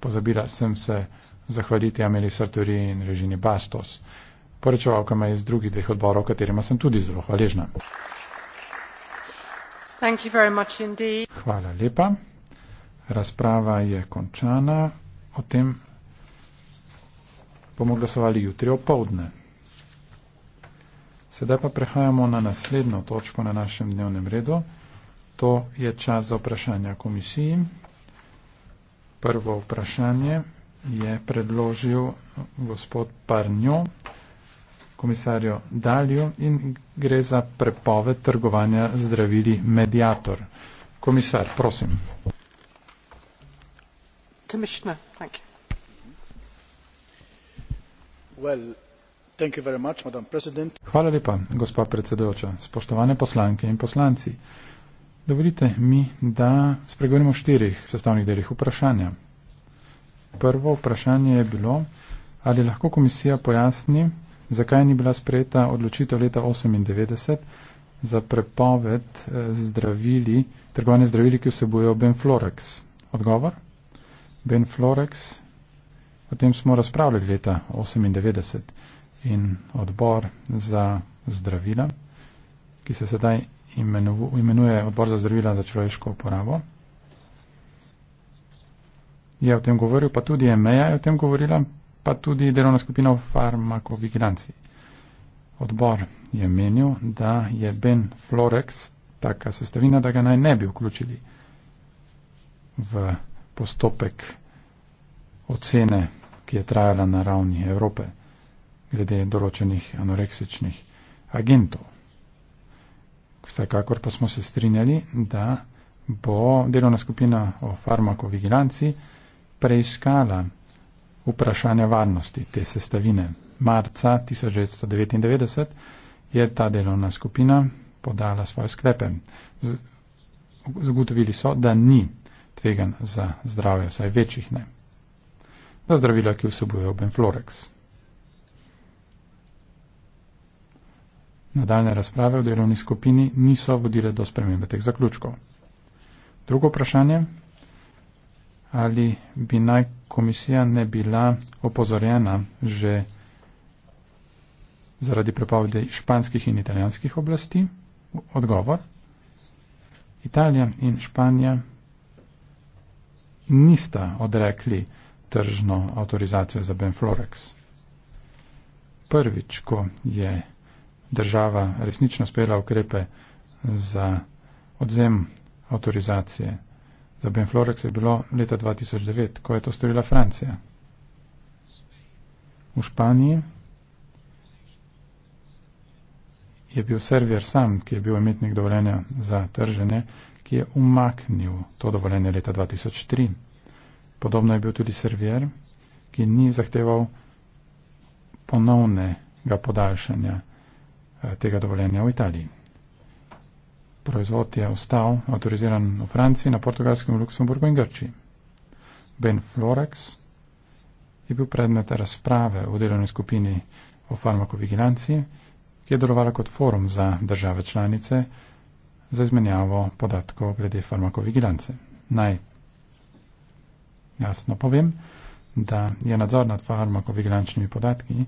pozabila sem se zahvaliti Ameli Sartori in režini Bastos. Poročevalka me je iz drugih dveh odborov, katerima sem tudi zelo hvaležna. Hvala lepa. Razprava je končana. O tem bomo glasovali jutri opoldne. Sedaj pa prehajamo na naslednjo točko na našem dnevnem redu. To je čas za vprašanja komisiji. Prvo vprašanje je predložil gospod Parnjo, komisarjo Daljo in gre za prepoved trgovanja zdravili Mediator. Komisar, prosim. Commissioner, thank you. Well, thank you very much, Hvala lepa, gospa predsedujoča, spoštovane poslanke in poslanci. Dovolite mi, da spregovorimo o štirih sestavnih delih vprašanja. Prvo vprašanje je bilo, ali lahko komisija pojasni, zakaj ni bila sprejeta odločitev leta 1998 za prepoved eh, zdravili, trgovanje zdravili, ki vsebujejo Benflorex. Odgovor? Benflorex, o tem smo razpravljali leta 1998 in odbor za zdravila, ki se sedaj imenuje odbor za zdravila za človeško uporabo. Je o tem govoril, pa tudi EMEA je o tem govorila, pa tudi delovna skupina o farmakovigilanci. Odbor je menil, da je Ben Florex taka sestavina, da ga naj ne bi vključili v postopek ocene, ki je trajala na ravni Evrope glede določenih anoreksičnih agentov vsekakor pa smo se strinjali, da bo delovna skupina o farmakovigilanci preiskala vprašanje varnosti te sestavine. Marca 1999 je ta delovna skupina podala svoje sklepe. Zagotovili so, da ni tvegan za zdravje, vsaj večjih ne. Za zdravila, ki vsebujejo benfloreks. Nadaljne razprave v delovni skupini niso vodile do spremembe teh zaključkov. Drugo vprašanje, ali bi naj komisija ne bila opozorjena že zaradi prepovedi španskih in italijanskih oblasti? Odgovor. Italija in Španija nista odrekli tržno avtorizacijo za Benflorex. Prvič, ko je država resnično sprejela ukrepe za odzem avtorizacije. Za Benflorex je bilo leta 2009, ko je to storila Francija. V Španiji je bil server sam, ki je bil imetnik dovoljenja za tržene, ki je umaknil to dovoljenje leta 2003. Podobno je bil tudi server, ki ni zahteval ponovnega podaljšanja Eh, tega dovoljenja v Italiji. Proizvod je ostal avtoriziran v Franciji, na Portugalskem, Luksemburgu in Grčiji. Ben Florex je bil predmet razprave v delovni skupini o farmakovigilanciji, ki je delovala kot forum za države članice za izmenjavo podatkov glede farmakovigilance. Naj jasno povem, da je nadzor nad farmakovigilančnimi podatki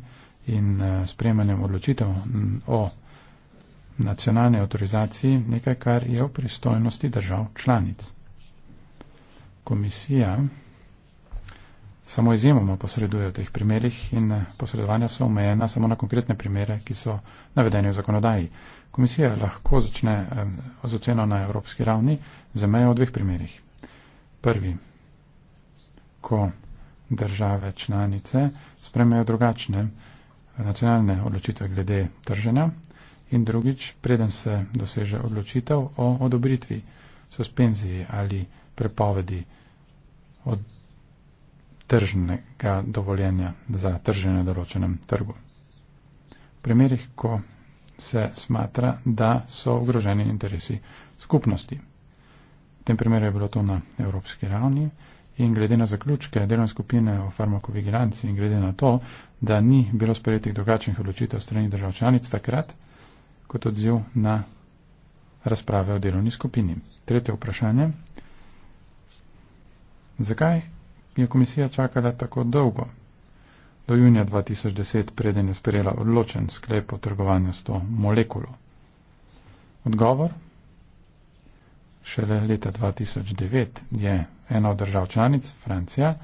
in eh, sprejemanjem odločitev o nacionalni autorizaciji nekaj, kar je v pristojnosti držav članic. Komisija samo izjemoma posreduje v teh primerih in eh, posredovanja so omejena samo na konkretne primere, ki so navedeni v zakonodaji. Komisija lahko začne eh, z oceno na evropski ravni za mejo v dveh primerih. Prvi, ko države članice spremejo drugačne nacionalne odločitve glede trženja in drugič, preden se doseže odločitev o odobritvi, suspenziji ali prepovedi od tržnega dovoljenja za trženje na določenem trgu. V primerih, ko se smatra, da so ogroženi interesi skupnosti. V tem primeru je bilo to na evropski ravni in glede na zaključke delovne skupine o farmakovigilanci in glede na to, da ni bilo sprejetih drugačnih odločitev strani držav članic takrat, kot odziv na razprave o delovni skupini. Tretje vprašanje. Zakaj je komisija čakala tako dolgo? Do junija 2010 preden je sprejela odločen sklep o trgovanju s to molekulo. Odgovor Šele leta 2009 je ena od držav članic, Francija,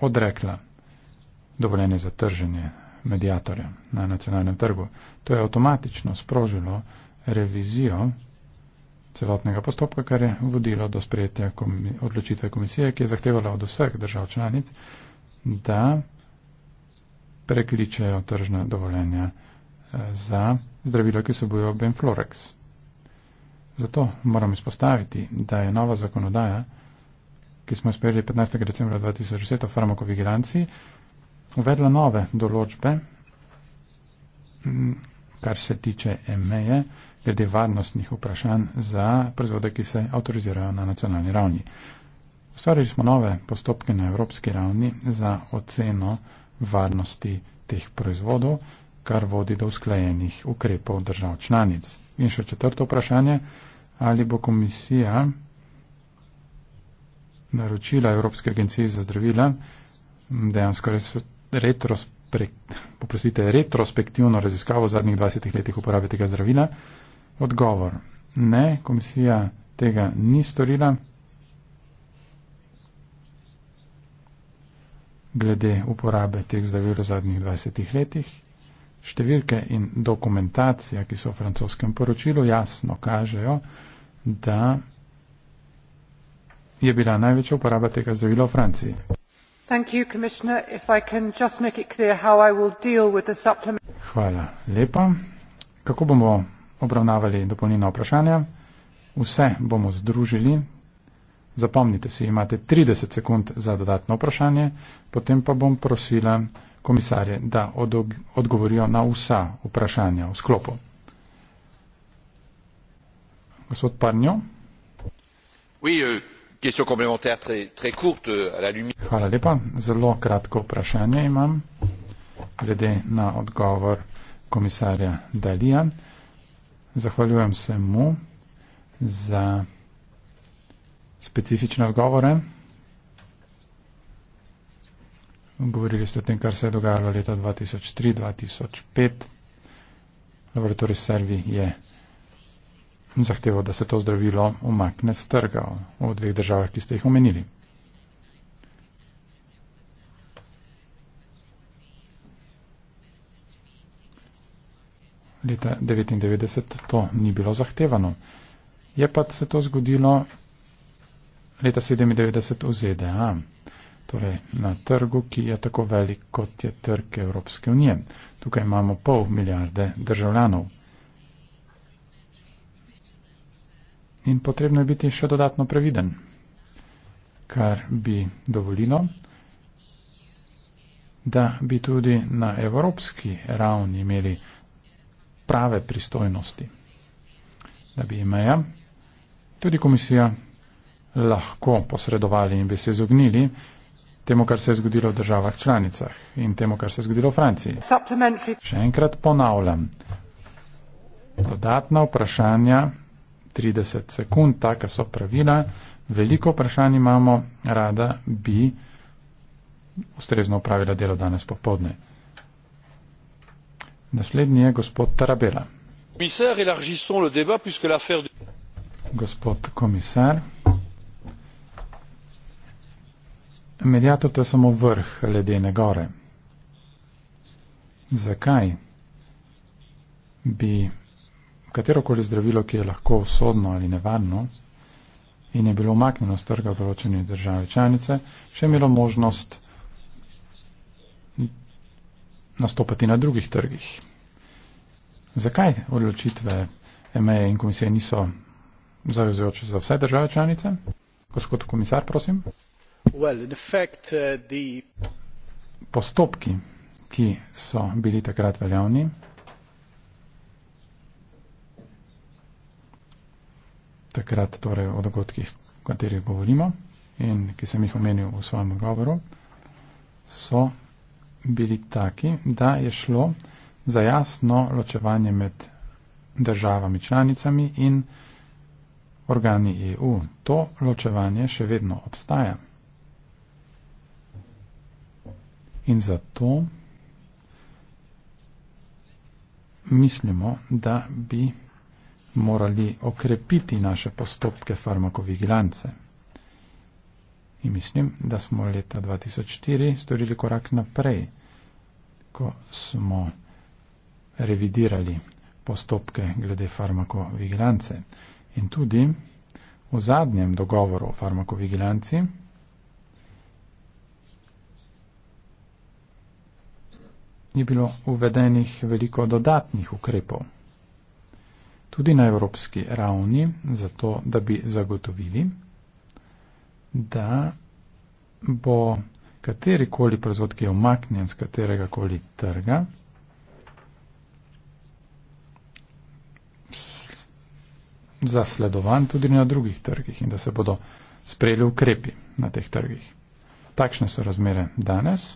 odrekla dovoljenje za trženje medijatorja na nacionalnem trgu. To je avtomatično sprožilo revizijo celotnega postopka, kar je vodilo do sprejetja komi odločitve komisije, ki je zahtevala od vseh držav članic, da prekličejo tržna dovoljenja eh, za zdravila, ki se bojo Benflorex. Zato moram izpostaviti, da je nova zakonodaja, ki smo jo sprejeli 15. decembra 2010 o farmakovigilanciji, uvedla nove določbe, kar se tiče MEJE, glede varnostnih vprašanj za proizvode, ki se avtorizirajo na nacionalni ravni. Ustvarili smo nove postopke na evropski ravni za oceno varnosti teh proizvodov, kar vodi do usklajenih ukrepov držav članic. In še četrto vprašanje ali bo komisija naročila Evropske agencije za zdravila dejansko res retrospe, retrospektivno raziskavo zadnjih 20 letih uporabe tega zdravila. Odgovor. Ne, komisija tega ni storila. Glede uporabe teh zdravil v zadnjih 20 letih, Številke in dokumentacija, ki so v francoskem poročilu, jasno kažejo, da je bila največja uporaba tega zdravila v Franciji. You, supplement... Hvala lepa. Kako bomo obravnavali dopolnjena vprašanja? Vse bomo združili. Zapomnite si, imate 30 sekund za dodatno vprašanje, potem pa bom prosila komisarje, da odgovorijo na vsa vprašanja v sklopu. Gospod Parnjo. Euh, euh, Hvala lepa. Zelo kratko vprašanje imam glede na odgovor komisarja Dalija. Zahvaljujem se mu za specifične odgovore. Govorili ste o tem, kar se je dogajalo leta 2003-2005. Laboratorij Servi je zahteval, da se to zdravilo umakne z trga v dveh državah, ki ste jih omenili. Leta 1999 to ni bilo zahtevano. Je pa se to zgodilo leta 1997 v ZDA torej na trgu, ki je tako velik kot je trg Evropske unije. Tukaj imamo pol milijarde državljanov. In potrebno je biti še dodatno previden, kar bi dovolilo, da bi tudi na evropski ravni imeli prave pristojnosti, da bi imeja, tudi komisija, lahko posredovali in bi se izognili temu, kar se je zgodilo v državah članicah in temu, kar se je zgodilo v Franciji. Še enkrat ponavljam. Dodatna vprašanja, 30 sekund, taka so pravila. Veliko vprašanj imamo, rada bi ustrezno upravila delo danes popovdne. Naslednji je gospod Tarabela. Gospod komisar, Mediator to je samo vrh ledene gore. Zakaj bi katerokoli zdravilo, ki je lahko usodno ali nevarno in je bilo umaknjeno z trga v določeni državi članice, še imelo možnost nastopati na drugih trgih? Zakaj odločitve EMEA in komisije niso zavezujoče za vse države članice? Gospod komisar, prosim. Uh, Postopki, ki so bili takrat veljavni, takrat torej o dogodkih, o katerih govorimo in ki sem jih omenil v svojem govoru, so bili taki, da je šlo za jasno ločevanje med državami članicami in organi EU. To ločevanje še vedno obstaja. In zato mislimo, da bi morali okrepiti naše postopke farmakovigilance. In mislim, da smo leta 2004 storili korak naprej, ko smo revidirali postopke glede farmakovigilance. In tudi v zadnjem dogovoru o farmakovigilanci ni bilo uvedenih veliko dodatnih ukrepov. Tudi na evropski ravni, zato da bi zagotovili, da bo katerikoli proizvod, ki je omaknjen z katerega koli trga, zasledovan tudi na drugih trgih in da se bodo sprejeli ukrepi na teh trgih. Takšne so razmere danes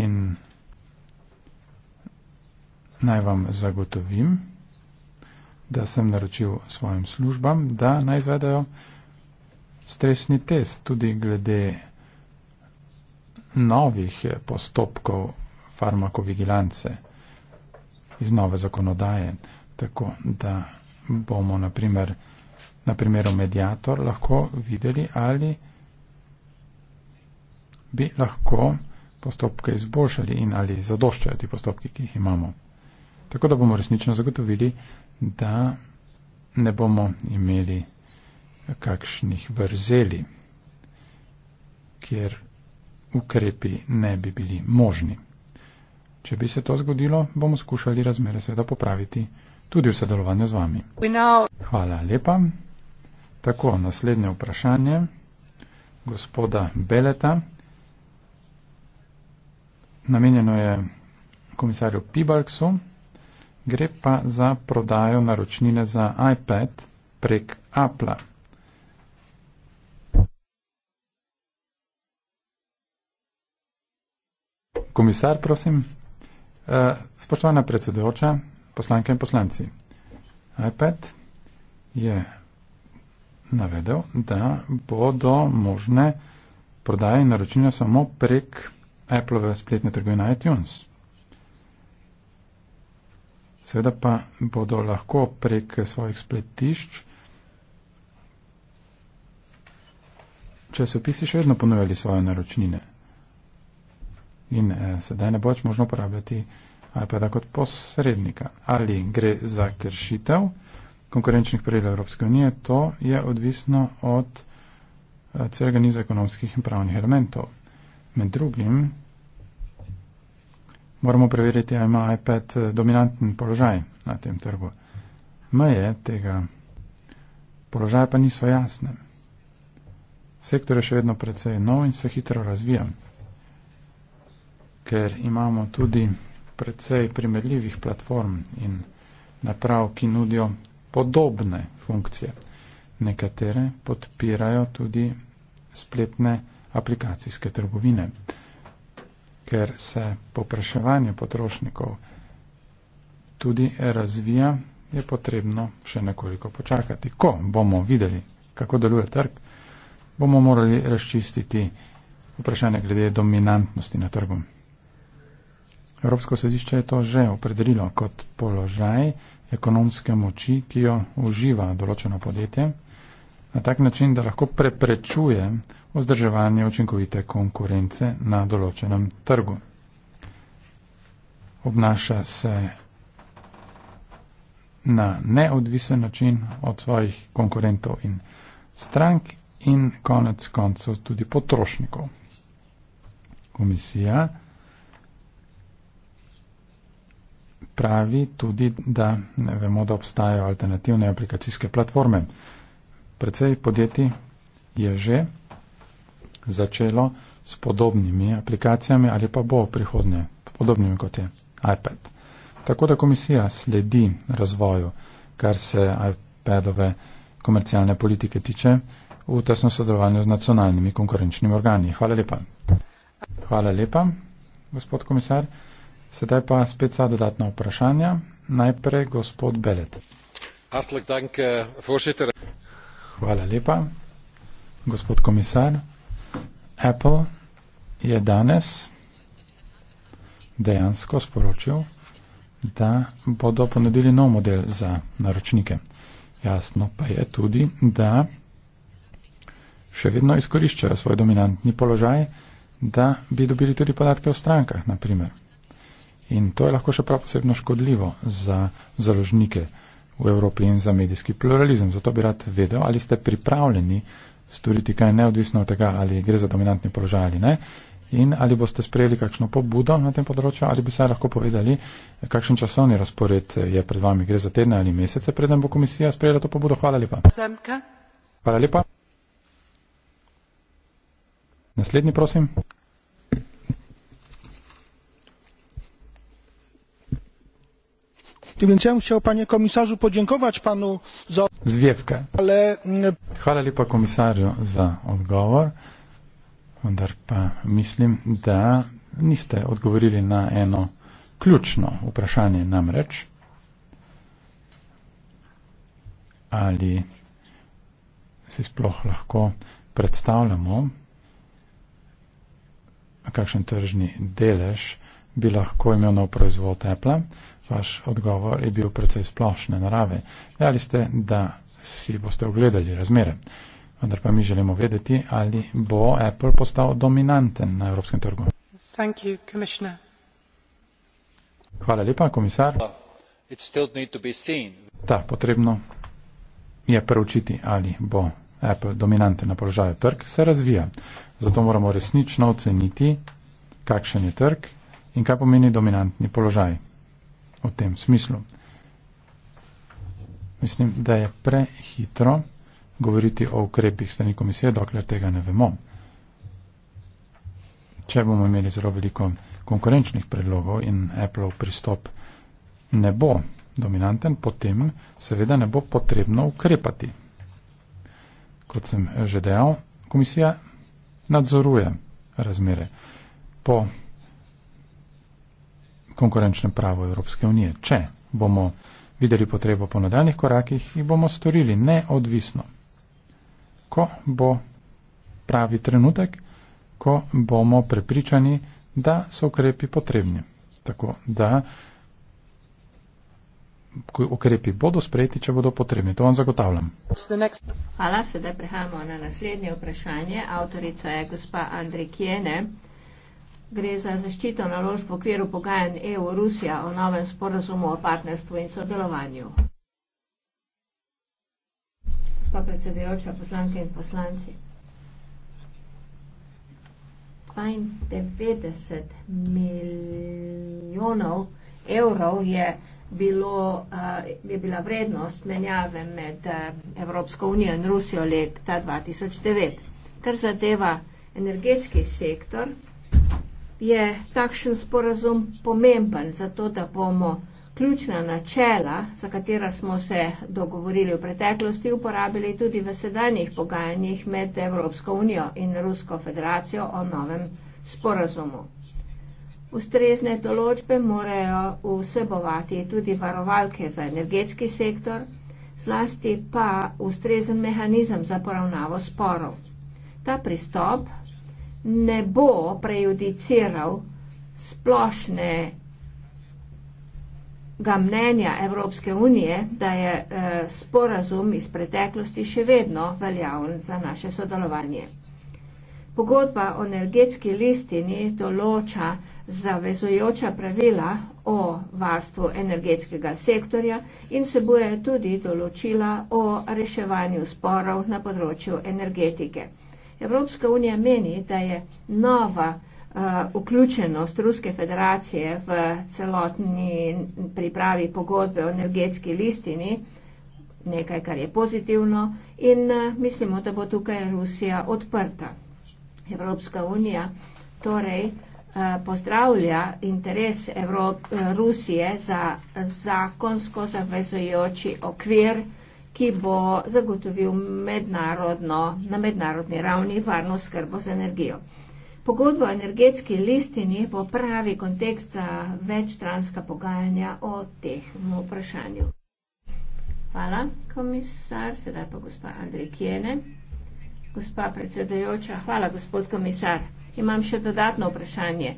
in naj vam zagotovim, da sem naročil svojim službam, da naj izvedajo stresni test tudi glede novih postopkov farmakovigilance iz nove zakonodaje, tako da bomo naprimer, na primeru medijator lahko videli, ali bi lahko postopke izboljšali in ali zadoščajo ti postopki, ki jih imamo. Tako da bomo resnično zagotovili, da ne bomo imeli kakšnih vrzeli, kjer ukrepi ne bi bili možni. Če bi se to zgodilo, bomo skušali razmere seveda popraviti tudi v sodelovanju z vami. Hvala lepa. Tako, naslednje vprašanje gospoda Beleta. Namenjeno je komisarju Pibalksu gre pa za prodajo naročnine za iPad prek Apple. Komisar, prosim. Eh, spoštovana predsedujoča, poslanke in poslanci. iPad je navedel, da bodo možne prodaje in naročnine samo prek Apple v spletne trgovine iTunes. Seveda pa bodo lahko prek svojih spletišč časopisi še vedno ponujali svoje naročnine. In eh, sedaj ne boč možno uporabljati ali pa da kot posrednika. Ali gre za kršitev konkurenčnih pravil Evropske unije, to je odvisno od eh, celega niza ekonomskih in pravnih elementov. Med drugim moramo preveriti, ali ima iPad eh, dominanten položaj na tem trgu. Meje tega položaja pa niso jasne. Sektor je še vedno precej nov in se hitro razvija, ker imamo tudi precej primerljivih platform in naprav, ki nudijo podobne funkcije. Nekatere podpirajo tudi spletne aplikacijske trgovine ker se popraševanje potrošnikov tudi razvija, je potrebno še nekoliko počakati. Ko bomo videli, kako deluje trg, bomo morali razčistiti vprašanje glede dominantnosti na trgu. Evropsko sodišče je to že opredelilo kot položaj ekonomske moči, ki jo uživa določeno podjetje, na tak način, da lahko preprečuje vzdrževanje učinkovite konkurence na določenem trgu. Obnaša se na neodvisen način od svojih konkurentov in strank in konec koncev tudi potrošnikov. Komisija pravi tudi, da ne vemo, da obstajajo alternativne aplikacijske platforme. Predvsej podjetij je že začelo s podobnimi aplikacijami ali pa bo prihodnje podobnimi kot je iPad. Tako da komisija sledi razvoju, kar se iPadove komercialne politike tiče, v tesnem sodelovanju z nacionalnimi konkurenčnimi organi. Hvala lepa. Hvala lepa, gospod komisar. Sedaj pa spet sva dodatna vprašanja. Najprej gospod Belet. Eh, Hvala lepa, gospod komisar. Apple je danes dejansko sporočil, da bodo ponudili nov model za naročnike. Jasno pa je tudi, da še vedno izkoriščajo svoj dominantni položaj, da bi dobili tudi podatke o strankah, naprimer. In to je lahko še prav posebno škodljivo za založnike v Evropi in za medijski pluralizem. Zato bi rad vedel, ali ste pripravljeni storiti kaj neodvisno od tega, ali gre za dominantni položaj ali ne. In ali boste sprejeli kakšno pobudo na tem področju, ali bi se lahko povedali, kakšen časovni razpored je pred vami, gre za tedne ali mesece, preden bo komisija sprejela to pobudo. Hvala lepa. Semka. Hvala lepa. Naslednji, prosim. Więc ja bym chciał, panie komisarzu, podziękować panu za zwiewkę. Ale... Mm, Hvala lipa komisarju za odgovor, vendar pa mislim, da niste odgovorili na eno ključno vprašanje namreč, ali si sploh lahko predstavljamo, kakšen tržni delež bi lahko imel nov proizvod Apple vaš odgovor je bil precej splošne narave. Dali ste, da si boste ogledali razmere. Vendar pa mi želimo vedeti, ali bo Apple postal dominanten na evropskem trgu. You, Hvala lepa, komisar. Da, potrebno je preučiti, ali bo Apple dominanten na položaju. Trg se razvija. Zato moramo resnično oceniti, kakšen je trg in kaj pomeni dominantni položaj v tem smislu. Mislim, da je prehitro govoriti o ukrepih strani komisije, dokler tega ne vemo. Če bomo imeli zelo veliko konkurenčnih predlogov in Apple pristop ne bo dominanten, potem seveda ne bo potrebno ukrepati. Kot sem že dejal, komisija nadzoruje razmere. Po konkurenčne pravo Evropske unije. Če bomo videli potrebo po nadaljnih korakih, jih bomo storili neodvisno. Ko bo pravi trenutek, ko bomo prepričani, da so ukrepi potrebni. Tako da ukrepi bodo sprejeti, če bodo potrebni. To vam zagotavljam. Hvala, sedaj prehajamo na naslednje vprašanje. Avtorica je gospa Andrej Kjene. Gre za zaščito naložb v okviru pogajanj EU-Rusija o novem sporazumu o partnerstvu in sodelovanju. Gospa predsedujoča, poslanke in poslanci. 92 milijonov evrov je, bilo, eh, je bila vrednost menjave med eh, Evropsko unijo in Rusijo leta 2009. Kar zadeva energetski sektor, je takšen sporazum pomemben, zato da bomo ključna načela, za katera smo se dogovorili v preteklosti, uporabili tudi v sedanjih pogajanjih med Evropsko unijo in Rusko federacijo o novem sporazumu. Ustrezne določbe morajo vsebovati tudi varovalke za energetski sektor, zlasti pa ustrezen mehanizem za poravnavo sporov. Ta pristop ne bo prejudiciral splošne ga mnenja Evropske unije, da je eh, sporazum iz preteklosti še vedno veljavn za naše sodelovanje. Pogodba o energetski listini določa zavezujoča pravila o varstvu energetskega sektorja in se boje tudi določila o reševanju sporov na področju energetike. Evropska unija meni, da je nova uh, vključenost Ruske federacije v celotni pripravi pogodbe o energetski listini nekaj, kar je pozitivno in uh, mislimo, da bo tukaj Rusija odprta. Evropska unija torej uh, pozdravlja interes Evrop Rusije za zakonsko zavezojoči okvir ki bo zagotovil mednarodno, na mednarodni ravni varno skrbo z energijo. Pogodbo o energetski listini bo pravi kontekst za večstranska pogajanja o tem vprašanju. Hvala, komisar, sedaj pa gospa Andrej Kjene. Gospa predsedajoča, hvala, gospod komisar. Imam še dodatno vprašanje.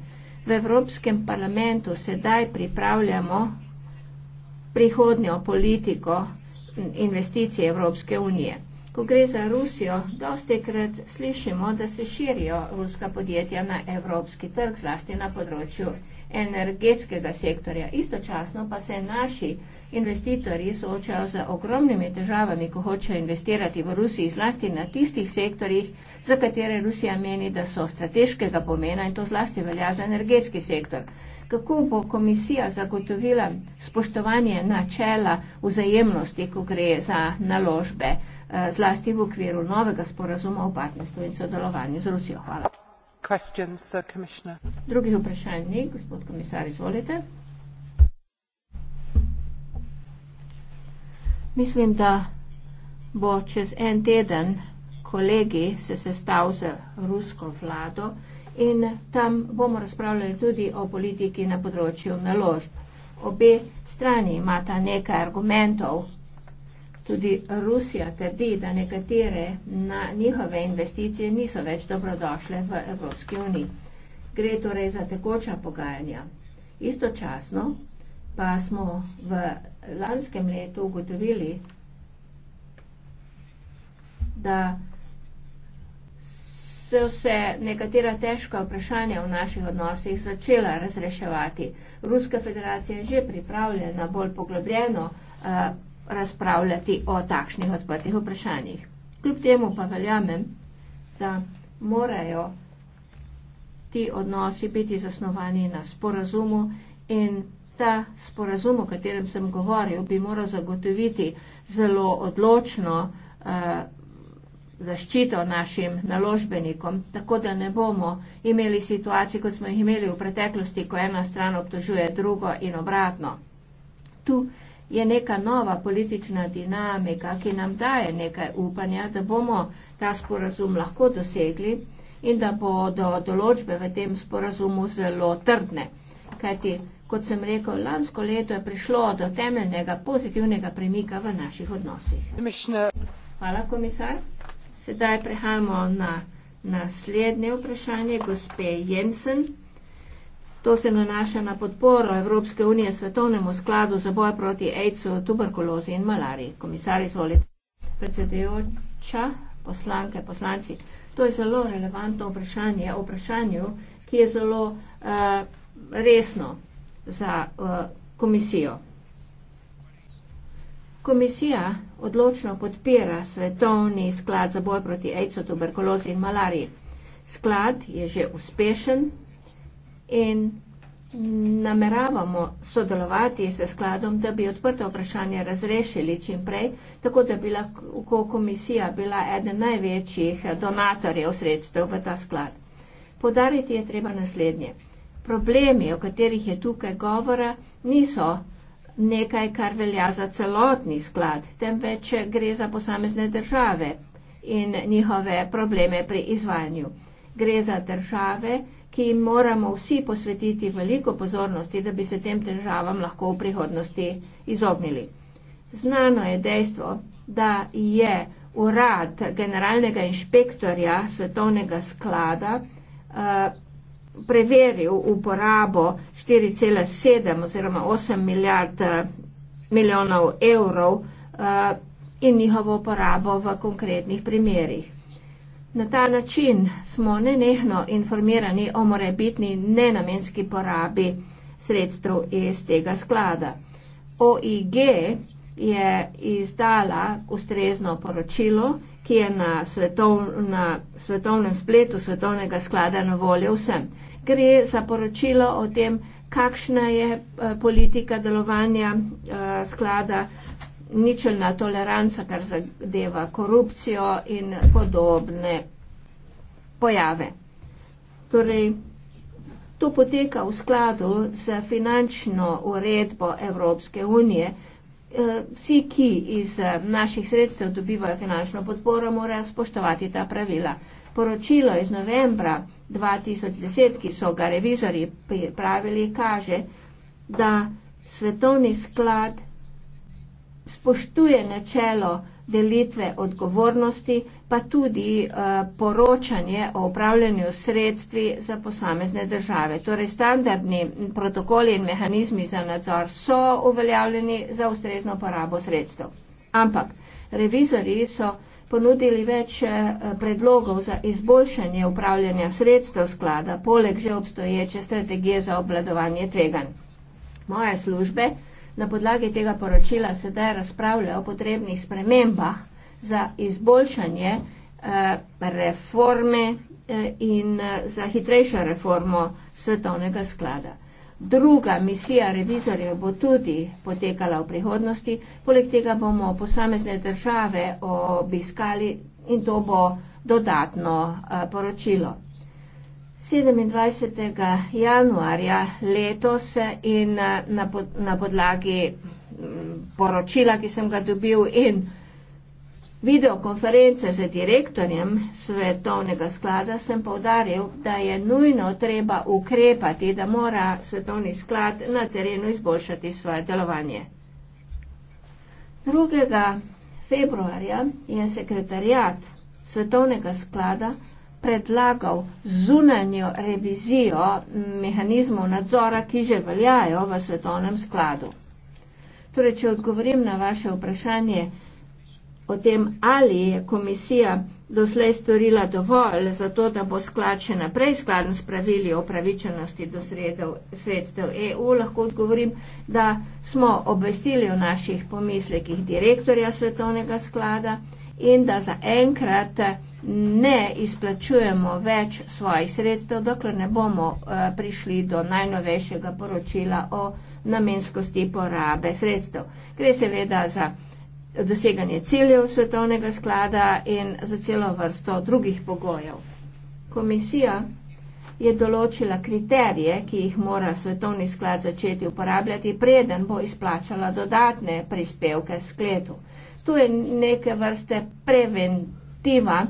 V Evropskem parlamentu sedaj pripravljamo prihodnjo politiko investicije Evropske unije. Ko gre za Rusijo, dosti krat slišimo, da se širijo ruska podjetja na evropski trg, zlasti na področju energetskega sektorja. Istočasno pa se naši investitorji soočajo z ogromnimi težavami, ko hočejo investirati v Rusiji, zlasti na tistih sektorjih, za katere Rusija meni, da so strateškega pomena in to zlasti velja za energetski sektor. Kako bo komisija zagotovila spoštovanje načela vzajemnosti, ko gre za naložbe, eh, zlasti v okviru novega sporazuma o partnerstvu in sodelovanju z Rusijo? Hvala. Drugih vprašanj ni, gospod komisar, izvolite. Mislim, da bo čez en teden kolegi se sestav z rusko vlado in tam bomo razpravljali tudi o politiki na področju naložb. Obe strani imata nekaj argumentov. Tudi Rusija trdi, da nekatere na njihove investicije niso več dobrodošle v Evropski uniji. Gre torej za tekoča pogajanja. Istočasno pa smo v lanskem letu ugotovili, da so se nekatera težka vprašanja v naših odnosih začela razreševati. Ruska federacija je že pripravljena bolj poglobljeno uh, razpravljati o takšnih odprtih vprašanjih. Kljub temu pa verjamem, da morajo ti odnosi biti zasnovani na sporazumu in Ta sporazum, o katerem sem govoril, bi moral zagotoviti zelo odločno eh, zaščito našim naložbenikom, tako da ne bomo imeli situacij, kot smo jih imeli v preteklosti, ko ena stran obtožuje drugo in obratno. Tu je neka nova politična dinamika, ki nam daje nekaj upanja, da bomo ta sporazum lahko dosegli in da bodo določbe v tem sporazumu zelo trdne. Kajti kot sem rekel, lansko leto je prišlo do temeljnega pozitivnega premika v naših odnosih. Hvala, komisar. Sedaj prehajamo na naslednje vprašanje gospe Jensen. To se nanaša na podporo Evropske unije svetovnemu skladu za boj proti AIDS-u, tuberkulozi in malariji. Komisar, izvolite. Predsedujoča, poslanke, poslanci. To je zelo relevantno vprašanje, vprašanju, ki je zelo uh, resno za uh, komisijo. Komisija odločno podpira svetovni sklad za boj proti AIDS-u, tuberkulozi in malariji. Sklad je že uspešen in nameravamo sodelovati s skladom, da bi odprto vprašanje razrešili čim prej, tako da bi lahko komisija bila eden največjih donatorjev sredstev v ta sklad. Podariti je treba naslednje problemi, o katerih je tukaj govora, niso nekaj, kar velja za celotni sklad, temveč gre za posamezne države in njihove probleme pri izvajanju. Gre za države, ki jim moramo vsi posvetiti veliko pozornosti, da bi se tem težavam lahko v prihodnosti izognili. Znano je dejstvo, da je urad generalnega inšpektorja svetovnega sklada eh, preveril uporabo 4,7 oziroma 8 milijard eh, milijonov evrov eh, in njihovo uporabo v konkretnih primerjih. Na ta način smo nenehno informirani o morebitni nenamenski porabi sredstev iz tega sklada. OIG je izdala ustrezno poročilo, ki je na, svetov, na svetovnem spletu svetovnega sklada na voljo vsem. Gre za poročilo o tem, kakšna je eh, politika delovanja eh, sklada, ničelna toleranca, kar zadeva korupcijo in podobne pojave. Torej, to poteka v skladu z finančno uredbo Evropske unije, vsi, ki iz eh, naših sredstev dobivajo finančno podporo, morajo spoštovati ta pravila. Poročilo iz novembra 2010, ki so ga revizori pripravili, kaže, da svetovni sklad spoštuje načelo delitve odgovornosti pa tudi eh, poročanje o upravljanju sredstvi za posamezne države. Torej, standardni protokoli in mehanizmi za nadzor so uveljavljeni za ustrezno porabo sredstev. Ampak revizori so ponudili več eh, predlogov za izboljšanje upravljanja sredstev sklada, poleg že obstoječe strategije za obladovanje tveganj. Moje službe na podlagi tega poročila sedaj razpravljajo o potrebnih spremembah za izboljšanje eh, reforme eh, in eh, za hitrejšo reformo svetovnega sklada. Druga misija revizorjev bo tudi potekala v prihodnosti, poleg tega bomo posamezne države obiskali in to bo dodatno poročilo. 27. januarja letos in na podlagi mm, poročila, ki sem ga dobil in videokonference z direktorjem Svetovnega sklada sem povdaril, da je nujno treba ukrepati, da mora Svetovni sklad na terenu izboljšati svoje delovanje. 2. februarja je sekretarjat Svetovnega sklada predlagal zunanjo revizijo mehanizmov nadzora, ki že veljajo v Svetovnem skladu. Torej, če odgovorim na vaše vprašanje, o tem, ali je komisija doslej storila dovolj za to, da bo sklad še naprej skladen s pravili o pravičenosti do sredev, sredstev EU, lahko odgovorim, da smo obvestili o naših pomislekih direktorja svetovnega sklada in da zaenkrat ne izplačujemo več svojih sredstev, dokler ne bomo eh, prišli do najnovejšega poročila o namenskosti porabe sredstev. Gre seveda za doseganje ciljev svetovnega sklada in za celo vrsto drugih pogojev. Komisija je določila kriterije, ki jih mora svetovni sklad začeti uporabljati, preden bo izplačala dodatne prispevke skledu. Tu je neke vrste preventiva,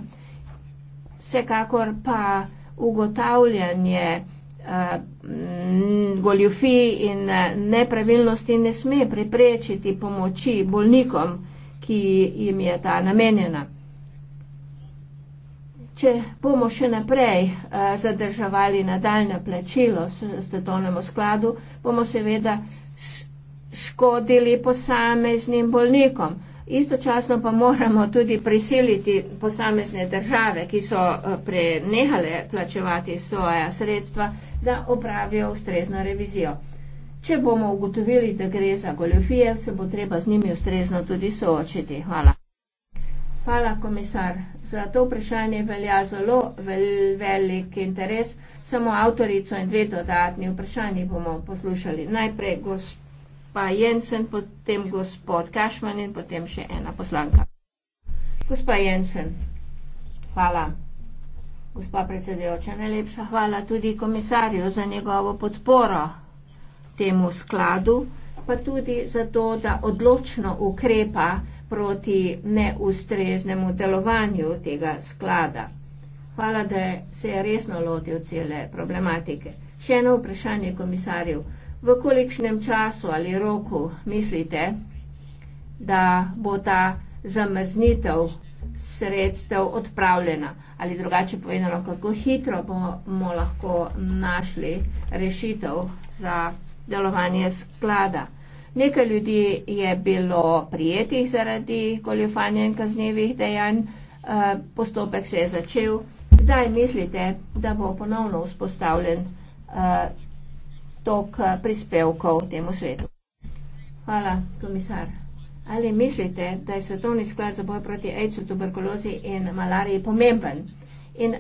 vsekakor pa ugotavljanje eh, goljufi in eh, nepravilnosti ne sme preprečiti pomoči bolnikom, ki jim je ta namenjena. Če bomo še naprej eh, zadrževali nadaljne plačilo s svetovnemu skladu, bomo seveda škodili posameznim bolnikom. Istočasno pa moramo tudi prisiliti posamezne države, ki so eh, prenehale plačevati svoja sredstva, da opravijo ustrezno revizijo. Če bomo ugotovili, da gre za goljofije, se bo treba z njimi ustrezno tudi soočiti. Hvala. Hvala, komisar. Za to vprašanje velja zelo vel velik interes. Samo avtorico in dve dodatni vprašanji bomo poslušali. Najprej gospa Jensen, potem gospod Kašman in potem še ena poslanka. Gospa Jensen. Hvala. Gospa predsedujoča, najlepša hvala tudi komisarju za njegovo podporo temu skladu, pa tudi zato, da odločno ukrepa proti neustreznemu delovanju tega sklada. Hvala, da se je resno lotil cele problematike. Še eno vprašanje, komisarju. V kolikšnem času ali roku mislite, da bo ta zamrznitev sredstev odpravljena? Ali drugače povedano, kako hitro bomo lahko našli rešitev za delovanje sklada. Nekaj ljudi je bilo prijetih zaradi goljufanja in kaznjevih dejanj, eh, postopek se je začel. Kdaj mislite, da bo ponovno vzpostavljen eh, tok eh, prispevkov temu svetu? Hvala, komisar. Ali mislite, da je svetovni sklad za boj proti AIDS-u, tuberkulozi in malariji pomemben? In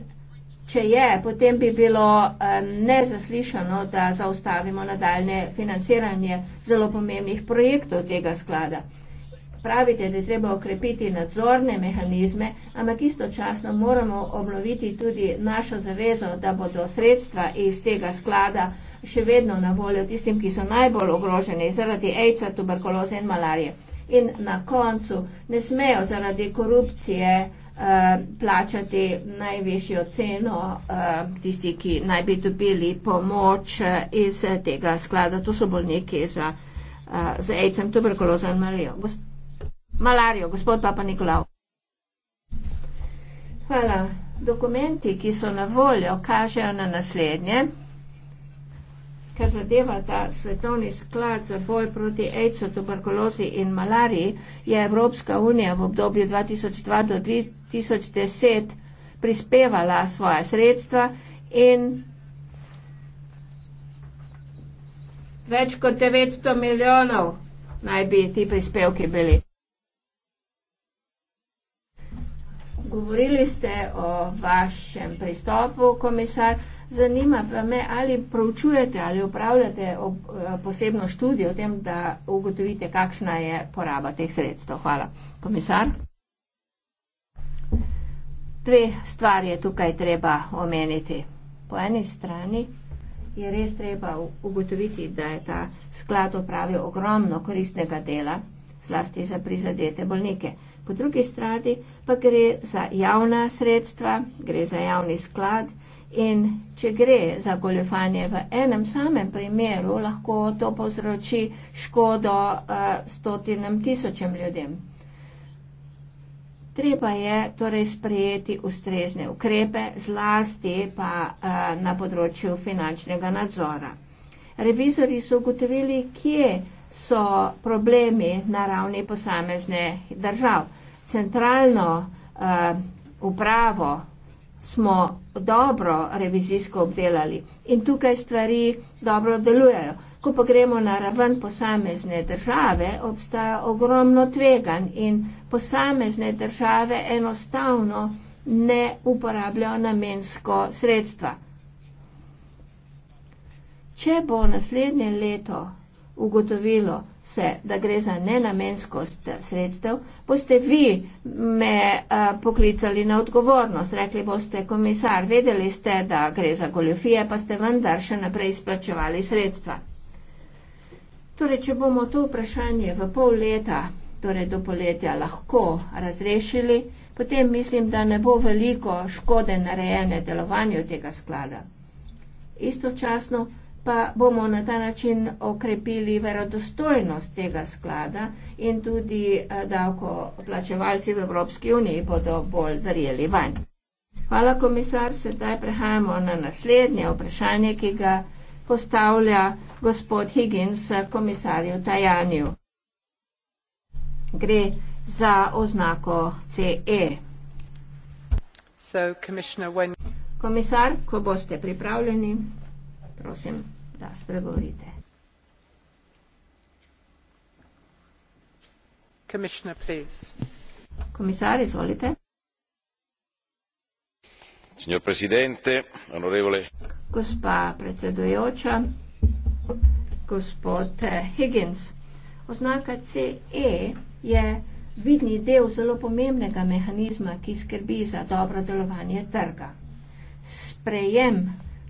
Če je, potem bi bilo um, nezaslišano, da zaustavimo nadaljne financiranje zelo pomembnih projektov tega sklada. Pravite, da je treba okrepiti nadzorne mehanizme, ampak istočasno moramo obnoviti tudi našo zavezo, da bodo sredstva iz tega sklada še vedno na voljo tistim, ki so najbolj ogroženi zaradi AIDS-a, tuberkuloze in malarije. In na koncu ne smejo zaradi korupcije. Eh, plačati najvišjo ceno eh, tisti, ki naj bi dobili pomoč eh, iz tega sklada. To so bolniki za, za AIDS-em, tuberkulozo in malarijo. Malarijo, gospod Papa Nikolao. Hvala. Dokumenti, ki so na voljo, kažejo na naslednje kar zadeva ta svetovni sklad za boj proti AIDS-u, tuberkulozi in malariji, je Evropska unija v obdobju 2002 do 2010 prispevala svoja sredstva in več kot 900 milijonov naj bi ti prispevki bili. Govorili ste o vašem pristopu, komisar. Zanima pa me, ali proučujete ali upravljate ob, eh, posebno študijo o tem, da ugotovite, kakšna je poraba teh sredstev. Hvala. Komisar? Dve stvari je tukaj treba omeniti. Po eni strani je res treba ugotoviti, da je ta sklad opravil ogromno koristnega dela, zlasti za prizadete bolnike. Po drugi strani pa gre za javna sredstva, gre za javni sklad. In če gre za goljofanje v enem samem primeru, lahko to povzroči škodo uh, eh, stotinem tisočem ljudem. Treba je torej sprejeti ustrezne ukrepe, zlasti pa uh, na področju finančnega nadzora. Revizori so ugotovili, kje so problemi na ravni posamezne držav. Centralno uh, upravo smo dobro revizijsko obdelali in tukaj stvari dobro delujejo. Ko pa gremo na raven posamezne države, obstaja ogromno tvegan in posamezne države enostavno ne uporabljajo namensko sredstva. Če bo naslednje leto ugotovilo, se, da gre za nenamenskost sredstev, boste vi me a, eh, poklicali na odgovornost. Rekli boste, komisar, vedeli ste, da gre za goljofije, pa ste vendar še naprej izplačevali sredstva. Torej, če bomo to vprašanje v pol leta, torej do poletja, lahko razrešili, potem mislim, da ne bo veliko škode narejene delovanju tega sklada. Istočasno, pa bomo na ta način okrepili verodostojnost tega sklada in tudi eh, davkoplačevalci v Evropski uniji bodo bolj verjeli vanj. Hvala, komisar. Sedaj prehajamo na naslednje vprašanje, ki ga postavlja gospod Higgins komisarju Tajanju. Gre za oznako CE. So, when... Komisar, ko boste pripravljeni prosim, da spregovorite. Komisar, izvolite. Gospa predsedujoča, gospod eh, Higgins, oznaka CE je vidni del zelo pomembnega mehanizma, ki skrbi za dobro delovanje trga. Sprejem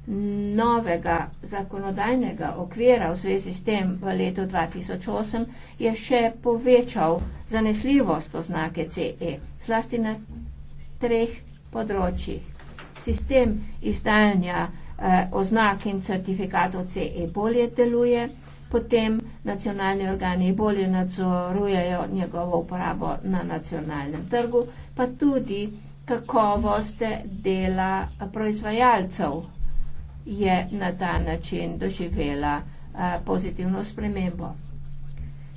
novega zakonodajnega okvira v zvezi s tem v letu 2008 je še povečal zanesljivost oznake CE, zlasti na treh področjih. Sistem izdajanja eh, oznak in certifikatov CE bolje deluje, potem nacionalni organi bolje nadzorujejo njegovo uporabo na nacionalnem trgu, pa tudi kakovoste dela proizvajalcev je na ta način doživela pozitivno spremembo.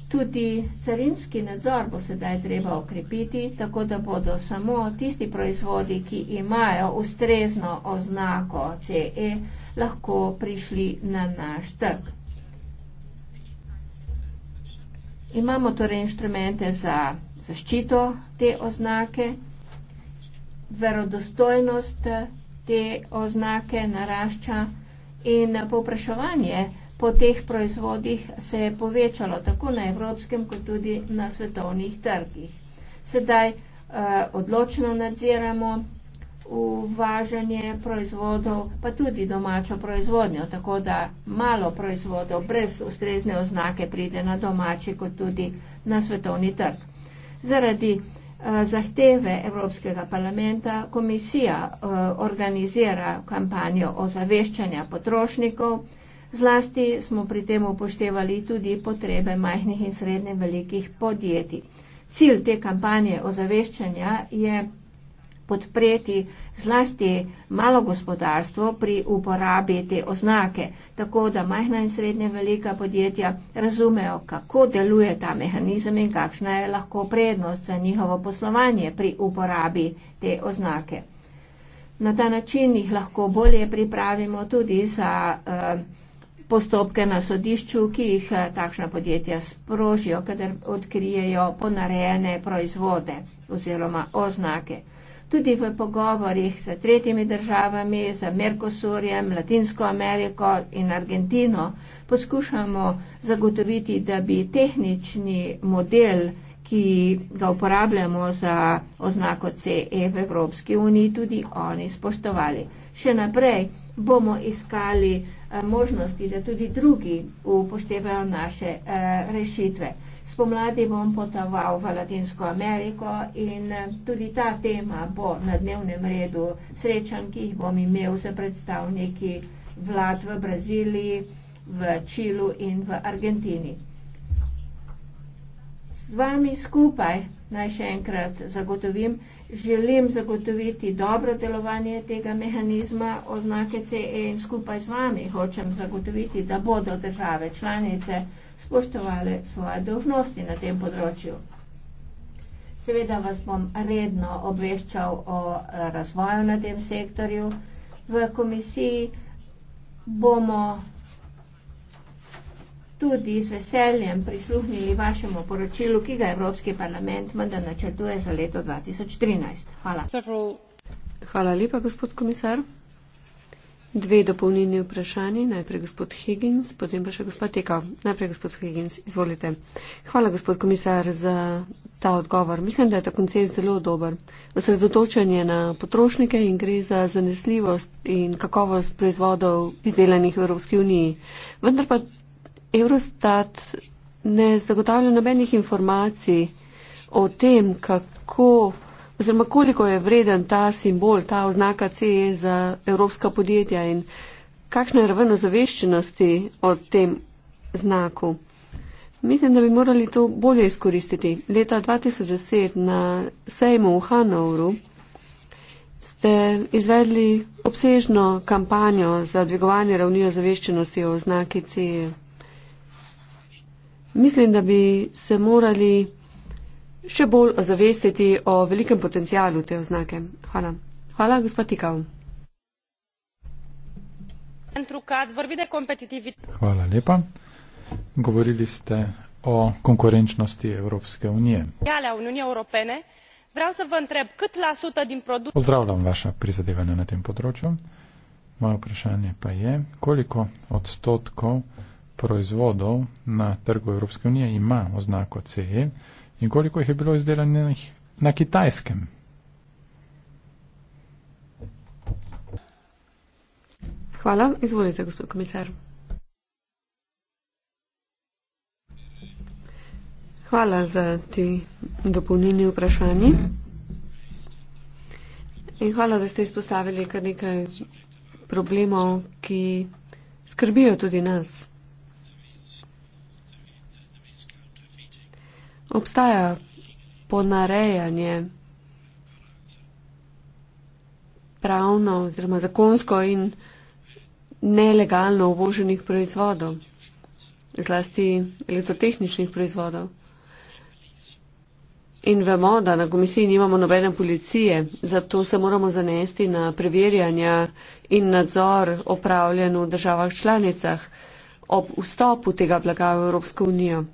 Tudi carinski nadzor bo sedaj treba okrepiti, tako da bodo samo tisti proizvodi, ki imajo ustrezno oznako CE, lahko prišli na naš trg. Imamo torej inštrumente za zaščito te oznake, verodostojnost te oznake narašča in povpraševanje po teh proizvodih se je povečalo tako na evropskem kot tudi na svetovnih trgih. Sedaj eh, odločno nadziramo uvažanje proizvodov, pa tudi domačo proizvodnjo, tako da malo proizvodov brez ustrezne oznake pride na domači kot tudi na svetovni trg. Zaradi Eh, zahteve Evropskega parlamenta komisija eh, organizira kampanjo ozaveščanja potrošnikov. Zlasti smo pri tem upoštevali tudi potrebe majhnih in srednje velikih podjetij. Cilj te kampanje ozaveščanja je podpreti zlasti malo gospodarstvo pri uporabi te oznake, tako da majhna in srednje velika podjetja razumejo, kako deluje ta mehanizem in kakšna je lahko prednost za njihovo poslovanje pri uporabi te oznake. Na ta način jih lahko bolje pripravimo tudi za eh, postopke na sodišču, ki jih eh, takšna podjetja sprožijo, kadar odkrijejo ponarejene proizvode oziroma oznake tudi v pogovorjih s tretjimi državami, z Merkosurjem, Latinsko Ameriko in Argentino, poskušamo zagotoviti, da bi tehnični model, ki ga uporabljamo za oznako CE v Evropski uniji, tudi oni spoštovali. Še naprej bomo iskali eh, možnosti, da tudi drugi upoštevajo naše eh, rešitve. Spomladi bom potoval v Latinsko Ameriko in eh, tudi ta tema bo na dnevnem redu srečan, ki jih bom imel za predstavniki vlad v Braziliji, v Čilu in v Argentini. Z vami skupaj naj še enkrat zagotovim, želim zagotoviti dobro delovanje tega mehanizma oznake CE in skupaj z vami hočem zagotoviti, da bodo države članice spoštovale svoje dožnosti na tem področju. Seveda vas bom redno obveščal o razvoju na tem sektorju. V komisiji bomo tudi z veseljem prisluhnili vašemu poročilu, ki ga Evropski parlament menda načrtuje za leto 2013. Hvala. Hvala lepa, gospod komisar. Dve dopolnjeni vprašanji, najprej gospod Higgins, potem pa še gospod Teka. Najprej gospod Higgins, izvolite. Hvala, gospod komisar, za ta odgovor. Mislim, da je ta koncept zelo dober. Osredotočanje na potrošnike in gre za zanesljivost in kakovost proizvodov izdelanih v Evropski uniji. Vendar pa Eurostat ne zagotavlja nobenih informacij o tem, kako oziroma koliko je vreden ta simbol, ta oznaka CE za evropska podjetja in kakšna je raven ozaveščenosti o tem znaku. Mislim, da bi morali to bolje izkoristiti. Leta 2010 na sejmu v Hanovru ste izvedli obsežno kampanjo za dvigovanje ravni ozaveščenosti o znaki CE. Mislim, da bi se morali še bolj ozavestiti o velikem potencijalu te oznake. Hvala. Hvala, gospod Tikal. Hvala lepa. Govorili ste o konkurenčnosti Evropske unije. Pozdravljam vaša prizadevanja na tem področju. Moje vprašanje pa je, koliko odstotkov proizvodov na trgu Evropske unije ima oznako CE in koliko jih je bilo izdelanih na kitajskem. Hvala, izvolite, gospod komisar. Hvala za ti dopolnilni vprašanji. In hvala, da ste izpostavili kar nekaj problemov, ki skrbijo tudi nas. obstaja ponarejanje pravno oziroma zakonsko in nelegalno uvoženih proizvodov, zlasti elektrotehničnih proizvodov. In vemo, da na komisiji nimamo nobene policije, zato se moramo zanesti na preverjanja in nadzor opravljen v državah članicah ob vstopu tega blaga v Evropsko unijo.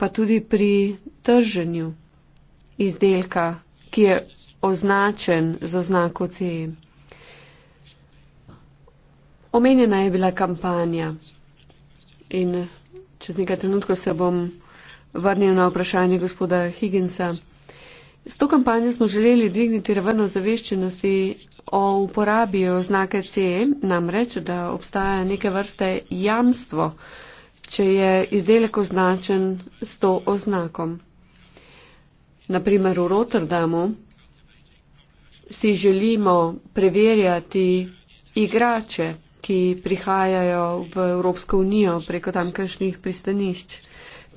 pa tudi pri trženju izdelka, ki je označen z oznako CE. Omenjena je bila kampanja in čez nekaj trenutkov se bom vrnil na vprašanje gospoda Higginsa. S to kampanjo smo želeli dvigniti raven ozaveščenosti o uporabi oznake CE, namreč, da obstaja neke vrste jamstvo, uh, če je izdelek označen s to oznakom. Naprimer v Rotterdamu si želimo preverjati igrače, ki prihajajo v Evropsko unijo preko tamkajšnjih pristanišč.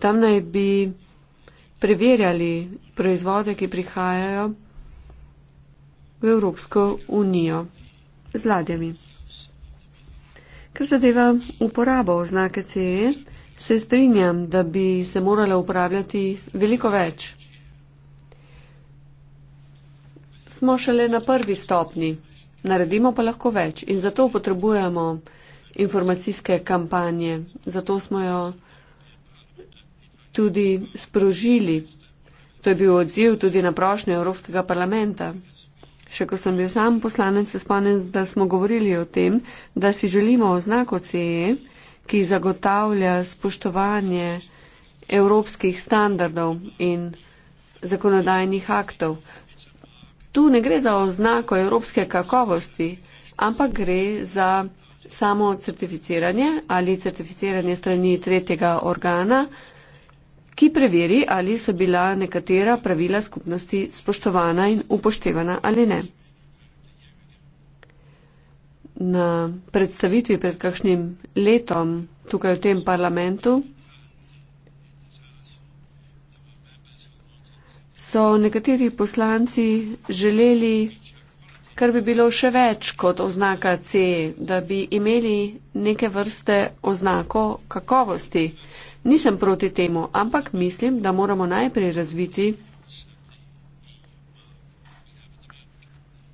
Tam naj bi preverjali proizvode, ki prihajajo v Evropsko unijo z ladjami. Ker zadeva uporabo oznake CE, se strinjam, da bi se morale uporabljati veliko več. Smo šele na prvi stopni, naredimo pa lahko več in zato potrebujemo informacijske kampanje. Zato smo jo tudi sprožili. To je bil odziv tudi na prošnje Evropskega parlamenta. Še ko sem bil sam poslanec, se spomnim, da smo govorili o tem, da si želimo oznako CE, ki zagotavlja spoštovanje evropskih standardov in zakonodajnih aktov. Tu ne gre za oznako evropske kakovosti, ampak gre za samo certificiranje ali certificiranje strani tretjega organa, ki preveri, ali so bila nekatera pravila skupnosti spoštovana in upoštevana ali ne. Na predstavitvi pred kakšnim letom tukaj v tem parlamentu so nekateri poslanci želeli, kar bi bilo še več kot oznaka C, da bi imeli neke vrste oznako kakovosti. Nisem proti temu, ampak mislim, da moramo najprej razviti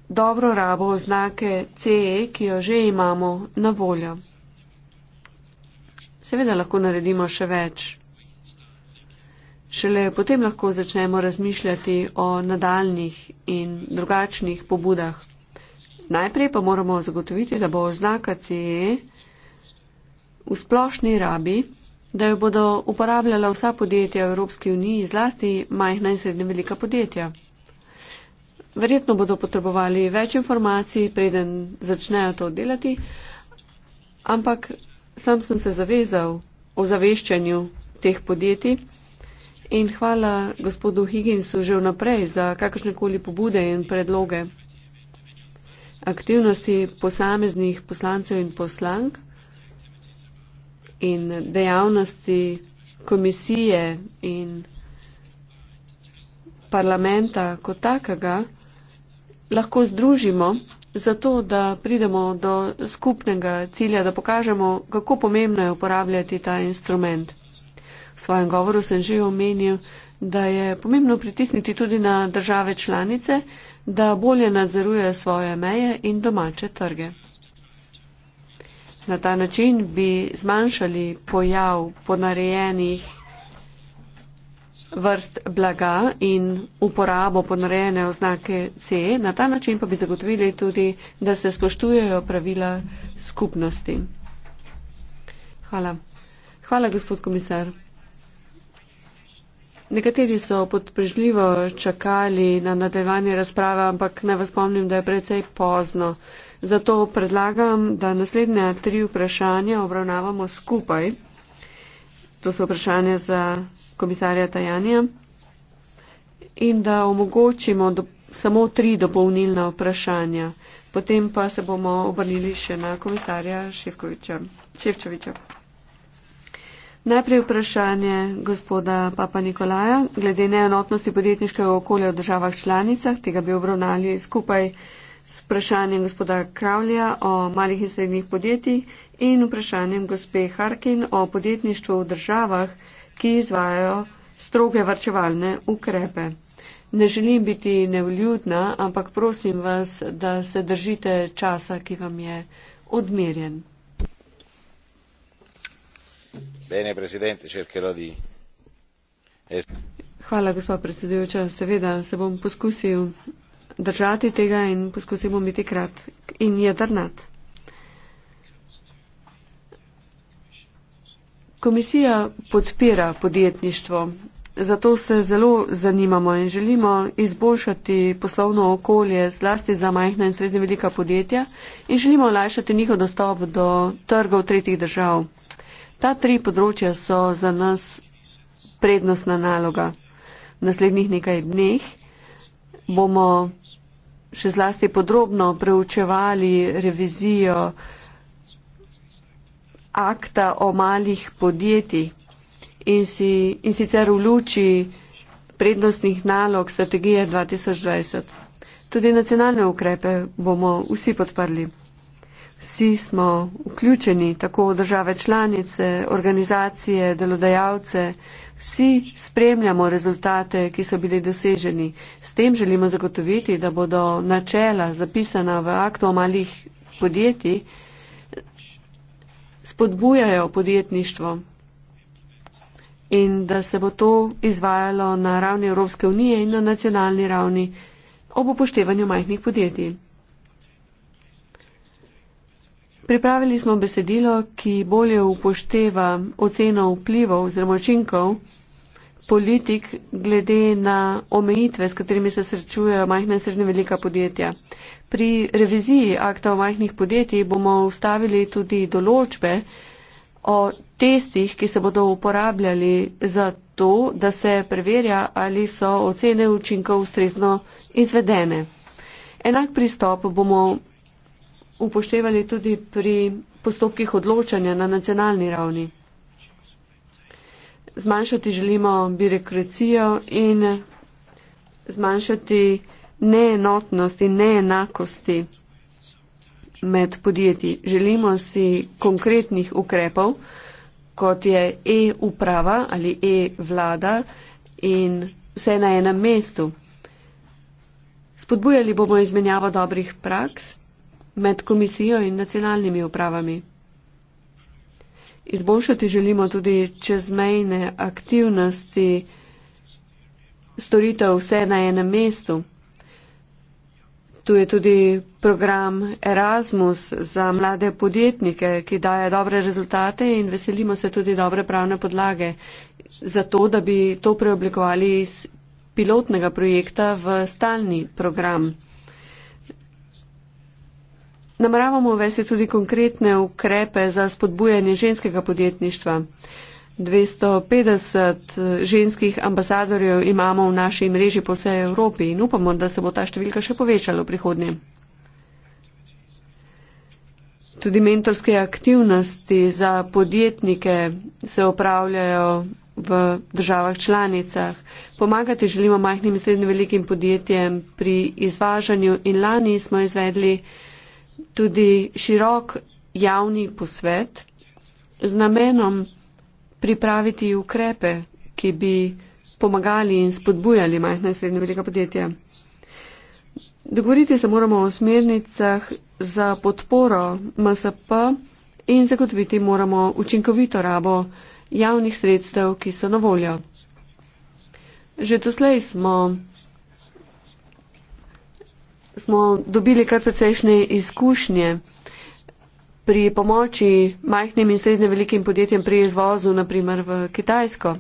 dobro rabo oznake CE, ki jo že imamo na voljo. Seveda lahko naredimo še več. Šele potem lahko začnemo razmišljati o nadaljnih in drugačnih pobudah. Najprej pa moramo zagotoviti, da bo oznaka CE v splošni rabi da jo bodo uporabljala vsa podjetja v Evropski uniji, zlasti majhna in srednje velika podjetja. Verjetno bodo potrebovali več informacij, preden začnejo to delati, ampak sam sem se zavezal o zaveščanju teh podjetij in hvala gospodu Higginsu že vnaprej za kakršnekoli pobude in predloge aktivnosti posameznih poslancev in poslank in dejavnosti komisije in parlamenta kot takega lahko združimo, zato da pridemo do skupnega cilja, da pokažemo, kako pomembno je uporabljati ta instrument. V svojem govoru sem že omenil, da je pomembno pritisniti tudi na države članice, da bolje nadzorujejo svoje meje in domače trge. Na ta način bi zmanjšali pojav ponarejenih vrst blaga in uporabo ponarejene oznake C. Na ta način pa bi zagotovili tudi, da se spoštujejo pravila skupnosti. Hvala. Hvala, gospod komisar. Nekateri so podprežljivo čakali na nadaljevanje razprave, ampak naj vas spomnim, da je precej pozno. Zato predlagam, da naslednja tri vprašanja obravnavamo skupaj. To so vprašanja za komisarja Tajanja in da omogočimo do, samo tri dopolnilna vprašanja. Potem pa se bomo obrnili še na komisarja Ševčoviča. Najprej vprašanje gospoda Papa Nikolaja glede neenotnosti podjetniškega okolja v državah članicah, tega bi obravnali skupaj z vprašanjem gospoda Kravlja o malih in srednjih podjetjih in vprašanjem gospe Harkin o podjetništvu v državah, ki izvajajo stroge varčevalne ukrepe. Ne želim biti nevljudna, ampak prosim vas, da se držite časa, ki vam je odmerjen. Bene, presidente, cercherò di... Hvala, gospod predsedujoča. Seveda se bom poskusil držati tega in poskusimo biti krat in jedrnat. Komisija podpira podjetništvo, zato se zelo zanimamo in želimo izboljšati poslovno okolje zlasti za majhna in srednje velika podjetja in želimo olajšati njihov dostop do trgov tretjih držav. Ta tri področja so za nas prednostna naloga. V naslednjih nekaj dneh bomo še zlasti podrobno preučevali revizijo akta o malih podjetjih in, si, in sicer v luči prednostnih nalog strategije 2020. Tudi nacionalne ukrepe bomo vsi podprli. Vsi smo vključeni, tako države članice, organizacije, delodajalce, Vsi spremljamo rezultate, ki so bili doseženi. S tem želimo zagotoviti, da bodo načela zapisana v aktu o malih podjetij spodbujajo podjetništvo in da se bo to izvajalo na ravni Evropske unije in na nacionalni ravni ob upoštevanju majhnih podjetij. Pripravili smo besedilo, ki bolje upošteva oceno vplivov oziroma učinkov politik glede na omejitve, s katerimi se srečujejo majhna in srednje velika podjetja. Pri reviziji akta o majhnih podjetjih bomo ustavili tudi določbe o testih, ki se bodo uporabljali za to, da se preverja, ali so ocene učinkov ustrezno izvedene. Enak pristop bomo upoštevali tudi pri postopkih odločanja na nacionalni ravni. Zmanjšati želimo birokracijo in zmanjšati neenotnost in neenakosti med podjetji. Želimo si konkretnih ukrepov, kot je e-uprava ali e-vlada in vse na enem mestu. Spodbujali bomo izmenjavo dobrih praks med komisijo in nacionalnimi upravami. Izboljšati želimo tudi čezmejne aktivnosti storitev vse na enem mestu. Tu je tudi program Erasmus za mlade podjetnike, ki daje dobre rezultate in veselimo se tudi dobre pravne podlage za to, da bi to preoblikovali iz pilotnega projekta v stalni program. Nameravamo vesti tudi konkretne ukrepe za spodbujanje ženskega podjetništva. 250 ženskih ambasadorjev imamo v naši mreži po vsej Evropi in upamo, da se bo ta številka še povečala v prihodnje. Tudi mentorske aktivnosti za podjetnike se opravljajo v državah članicah. Pomagati želimo majhnim in srednjim velikim podjetjem pri izvažanju in lani smo izvedli tudi širok javni posvet z namenom pripraviti ukrepe, ki bi pomagali in spodbujali majhna in srednja velika podjetja. Dogovoriti se moramo o smernicah za podporo MSP in zagotoviti moramo učinkovito rabo javnih sredstev, ki so na voljo. Že doslej smo smo dobili kar precejšnje izkušnje pri pomoči majhnim in srednje velikim podjetjem pri izvozu, naprimer v Kitajsko.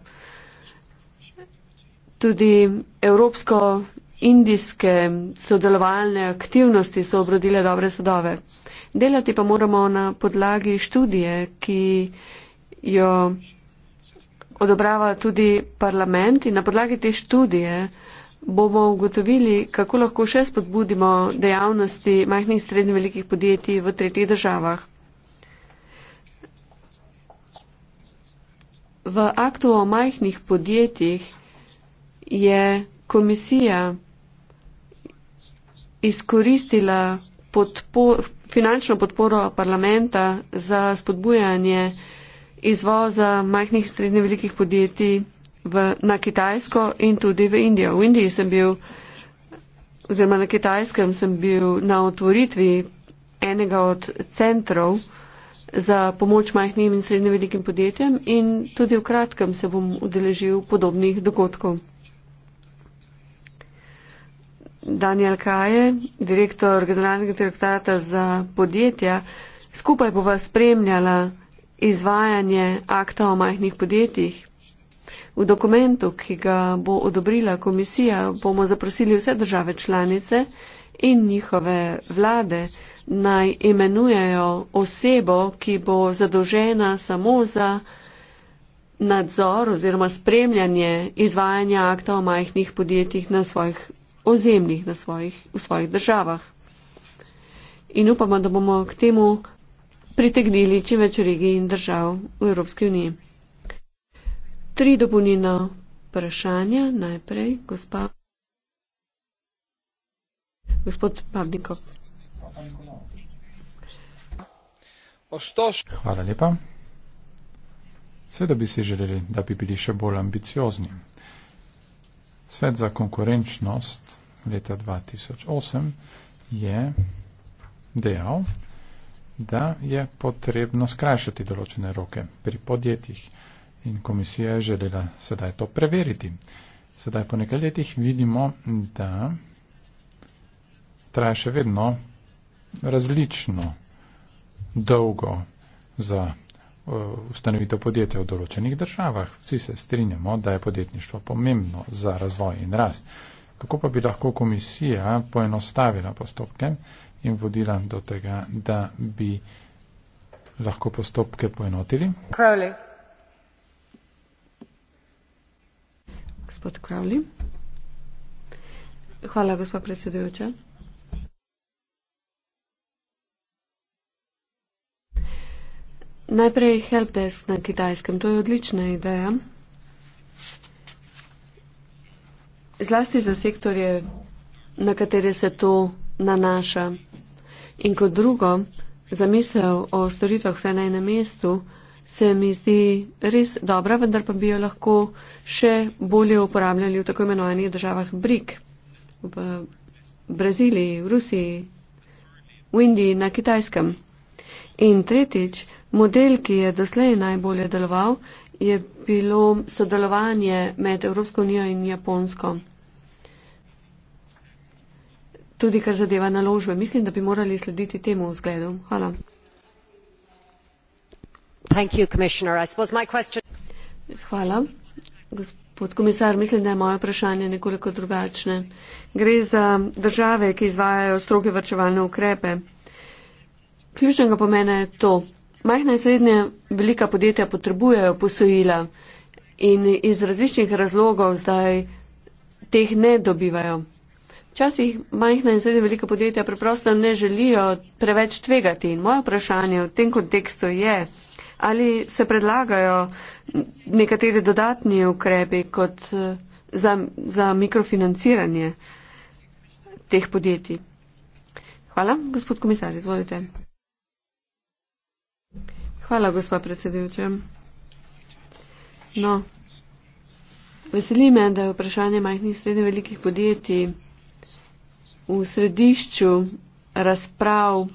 Tudi evropsko-indijske sodelovalne aktivnosti so obrodile dobre sodove. Delati pa moramo na podlagi študije, ki jo odobrava tudi parlament in na podlagi te študije bomo ugotovili, kako lahko še spodbudimo dejavnosti majhnih in srednjih velikih podjetij v tretjih državah. V aktu o majhnih podjetjih je komisija izkoristila podpor, finančno podporo parlamenta za spodbujanje izvoza majhnih in srednjih velikih podjetij v, na Kitajsko in tudi v Indijo. V Indiji sem bil, oziroma na Kitajskem sem bil na otvoritvi enega od centrov za pomoč majhnim in srednje velikim podjetjem in tudi v kratkem se bom udeležil podobnih dogodkov. Daniel Kaje, direktor generalnega direktorata za podjetja, skupaj bova spremljala izvajanje akta o majhnih podjetjih, V dokumentu, ki ga bo odobrila komisija, bomo zaprosili vse države članice in njihove vlade, naj imenujejo osebo, ki bo zadolžena samo za nadzor oziroma spremljanje izvajanja akta o majhnih podjetjih na svojih ozemljih, na svojih, v svojih državah. In upamo, da bomo k temu pritegnili čim več regij in držav v Evropski uniji. Tri dopolnilna vprašanja. Najprej, gospa. Gospod Pavnikov. Hvala lepa. Seveda bi si želeli, da bi bili še bolj ambiciozni. Svet za konkurenčnost leta 2008 je dejal, da je potrebno skrajšati določene roke pri podjetjih. In komisija je želela sedaj to preveriti. Sedaj po nekaj letih vidimo, da traja še vedno različno dolgo za eh, ustanovitev podjetja v določenih državah. Vsi se strinjamo, da je podjetništvo pomembno za razvoj in rast. Kako pa bi lahko komisija poenostavila postopke in vodila do tega, da bi lahko postopke poenotili? Crowley. Gospod Kravli. Hvala, gospa predsedujoča. Najprej helpdesk na kitajskem. To je odlična ideja. Zlasti za sektorje, na katere se to nanaša. In kot drugo, zamisel o storitvah vse na enem mestu, se mi zdi res dobra, vendar pa bi jo lahko še bolje uporabljali v tako imenovanih državah BRIC, v Braziliji, v Rusiji, v Indiji, na kitajskem. In tretjič, model, ki je doslej najbolje deloval, je bilo sodelovanje med Evropsko unijo in Japonsko. Tudi kar zadeva naložbe. Mislim, da bi morali slediti temu vzgledu. Hvala. Gospod komisar, mislim, da je moje vprašanje nekoliko drugačne. Gre za države, ki izvajajo stroge vrčevalne ukrepe. Ključnega pomena je to. Majhna in srednja velika podjetja potrebujejo posojila in iz različnih razlogov zdaj teh ne dobivajo. Včasih majhna in srednja velika podjetja preprosto ne želijo preveč tvegati. In moje vprašanje v tem kontekstu je, ali se predlagajo nekateri dodatni ukrepi kot eh, za, za mikrofinanciranje teh podjetij. Hvala, gospod komisar, izvolite. Hvala, gospa predsedujoča. No, veseli me, da je vprašanje majhnih in srednje velikih podjetij v središču razprav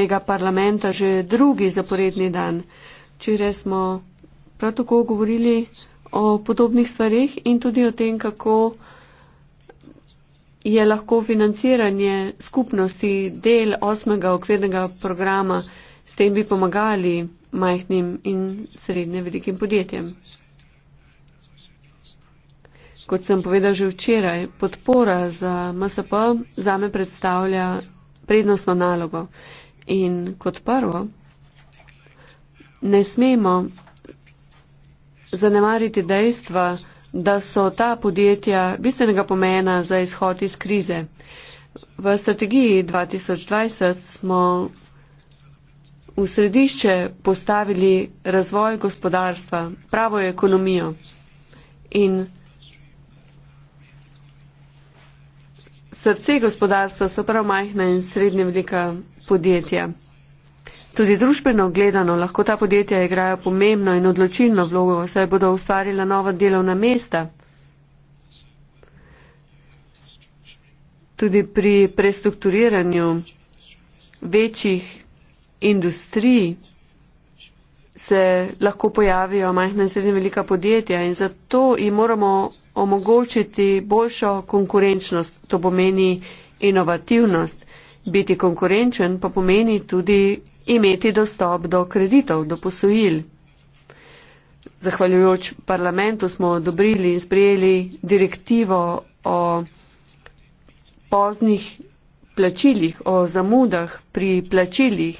tega parlamenta že drugi zaporedni dan. Včeraj smo prav tako govorili o podobnih stvarih in tudi o tem, kako je lahko financiranje skupnosti del osmega okvirnega programa, s tem bi pomagali majhnim in srednje velikim podjetjem. Kot sem povedal že včeraj, podpora za MSP zame predstavlja prednostno nalogo. In kot prvo, ne smemo zanemariti dejstva, da so ta podjetja bistvenega pomena za izhod iz krize. V strategiji 2020 smo v središče postavili razvoj gospodarstva, pravo ekonomijo. In srce gospodarstva so prav majhna in srednje velika podjetja. Tudi družbeno gledano lahko ta podjetja igrajo pomembno in odločilno vlogo, saj bodo ustvarila nova delovna mesta. Tudi pri prestrukturiranju večjih industrij se lahko pojavijo majhna in srednje velika podjetja in zato jim moramo omogočiti boljšo konkurenčnost, to pomeni inovativnost. Biti konkurenčen pa pomeni tudi imeti dostop do kreditov, do posojil. Zahvaljujoč parlamentu smo odobrili in sprejeli direktivo o poznih plačilih, o zamudah pri plačilih.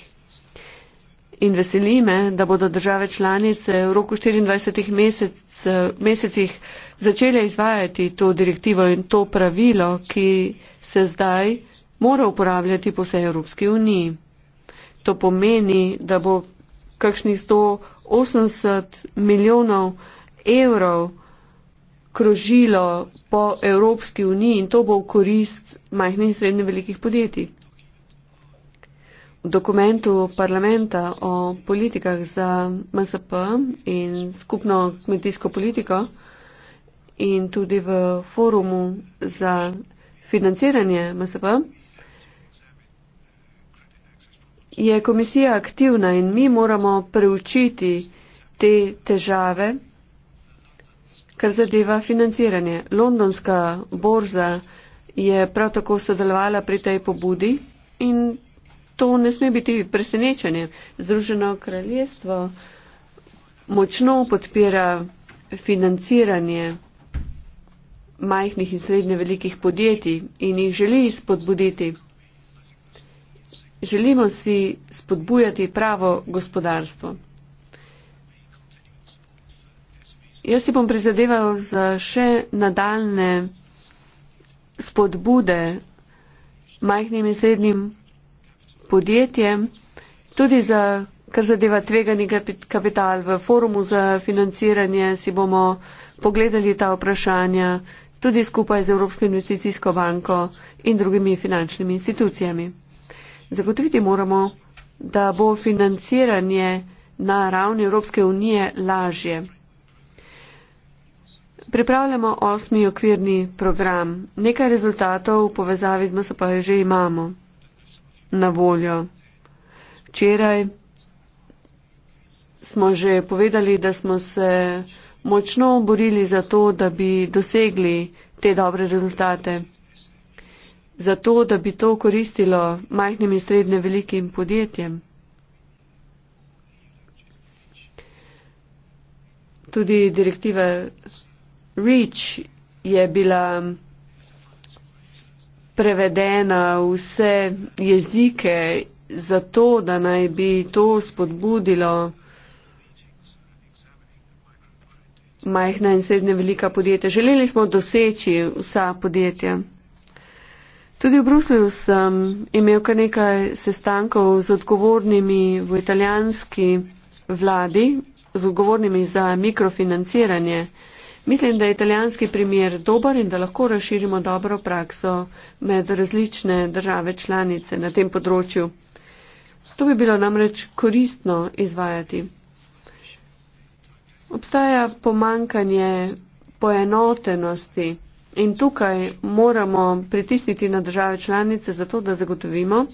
In veseli me, da bodo države članice v roku 24 mesec, mesecih začele izvajati to direktivo in to pravilo, ki se zdaj mora uporabljati po vsej Evropski uniji. To pomeni, da bo kakšnih 180 milijonov evrov krožilo po Evropski uniji in to bo v korist majhnih in srednje velikih podjetij. V dokumentu parlamenta o politikah za MSP in skupno kmetijsko politiko in tudi v forumu za financiranje MSP. Je komisija aktivna in mi moramo preučiti te težave, kar zadeva financiranje. Londonska borza je prav tako sodelovala pri tej pobudi in to ne sme biti presenečenje. Združeno kraljestvo močno podpira financiranje majhnih in srednje velikih podjetij in jih želi spodbuditi. Želimo si spodbujati pravo gospodarstvo. Jaz si bom prizadeval za še nadaljne spodbude majhnim in srednjim podjetjem, tudi za kar zadeva tvegani kapital. V forumu za financiranje si bomo pogledali ta vprašanja tudi skupaj z Evropsko investicijsko banko in drugimi finančnimi institucijami. Zagotoviti moramo, da bo financiranje na ravni Evropske unije lažje. Pripravljamo osmi okvirni program. Nekaj rezultatov v povezavi z MSP že imamo na voljo. Včeraj smo že povedali, da smo se močno borili za to, da bi dosegli te dobre rezultate, za to, da bi to koristilo majhnim in srednje velikim podjetjem. Tudi direktiva REACH je bila prevedena v vse jezike, zato da naj bi to spodbudilo majhna in srednja velika podjetja. Želeli smo doseči vsa podjetja. Tudi v Bruslju sem imel kar nekaj sestankov z odgovornimi v italijanski vladi, z odgovornimi za mikrofinanciranje. Mislim, da je italijanski primer dober in da lahko razširimo dobro prakso med različne države članice na tem področju. To bi bilo namreč koristno izvajati obstaja pomankanje poenotenosti in tukaj moramo pritisniti na države članice zato, da zagotovimo,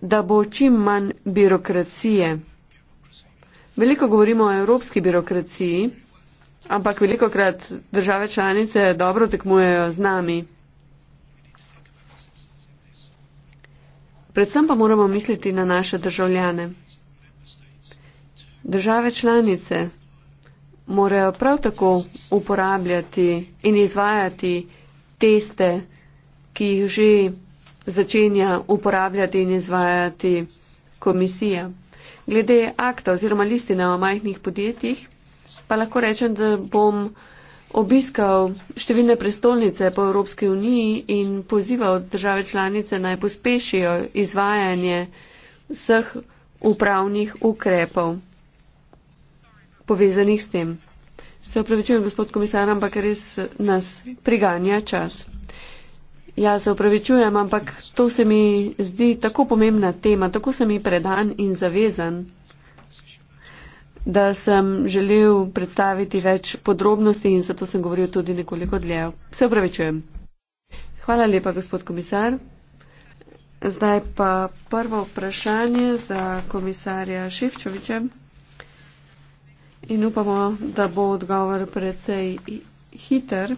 da bo čim manj birokracije. Veliko govorimo o evropski birokraciji, ampak veliko krat države članice dobro tekmujejo z nami. Predvsem pa moramo misliti na naše državljane. Države članice morajo prav tako uporabljati in izvajati teste, ki jih že začenja uporabljati in izvajati komisija. Glede akta oziroma listine o majhnih podjetjih, pa lahko rečem, da bom obiskal številne prestolnice po Evropski uniji in pozival države članice naj pospešijo izvajanje vseh upravnih ukrepov povezanih s tem. Se upravičujem, gospod komisar, ampak res nas priganja čas. Ja, se upravičujem, ampak to se mi zdi tako pomembna tema, tako sem ji predan in zavezan, da sem želel predstaviti več podrobnosti in zato sem govoril tudi nekoliko dlje. Se upravičujem. Hvala lepa, gospod komisar. Zdaj pa prvo vprašanje za komisarja Šivčoviča in upamo, da bo odgovor precej hiter.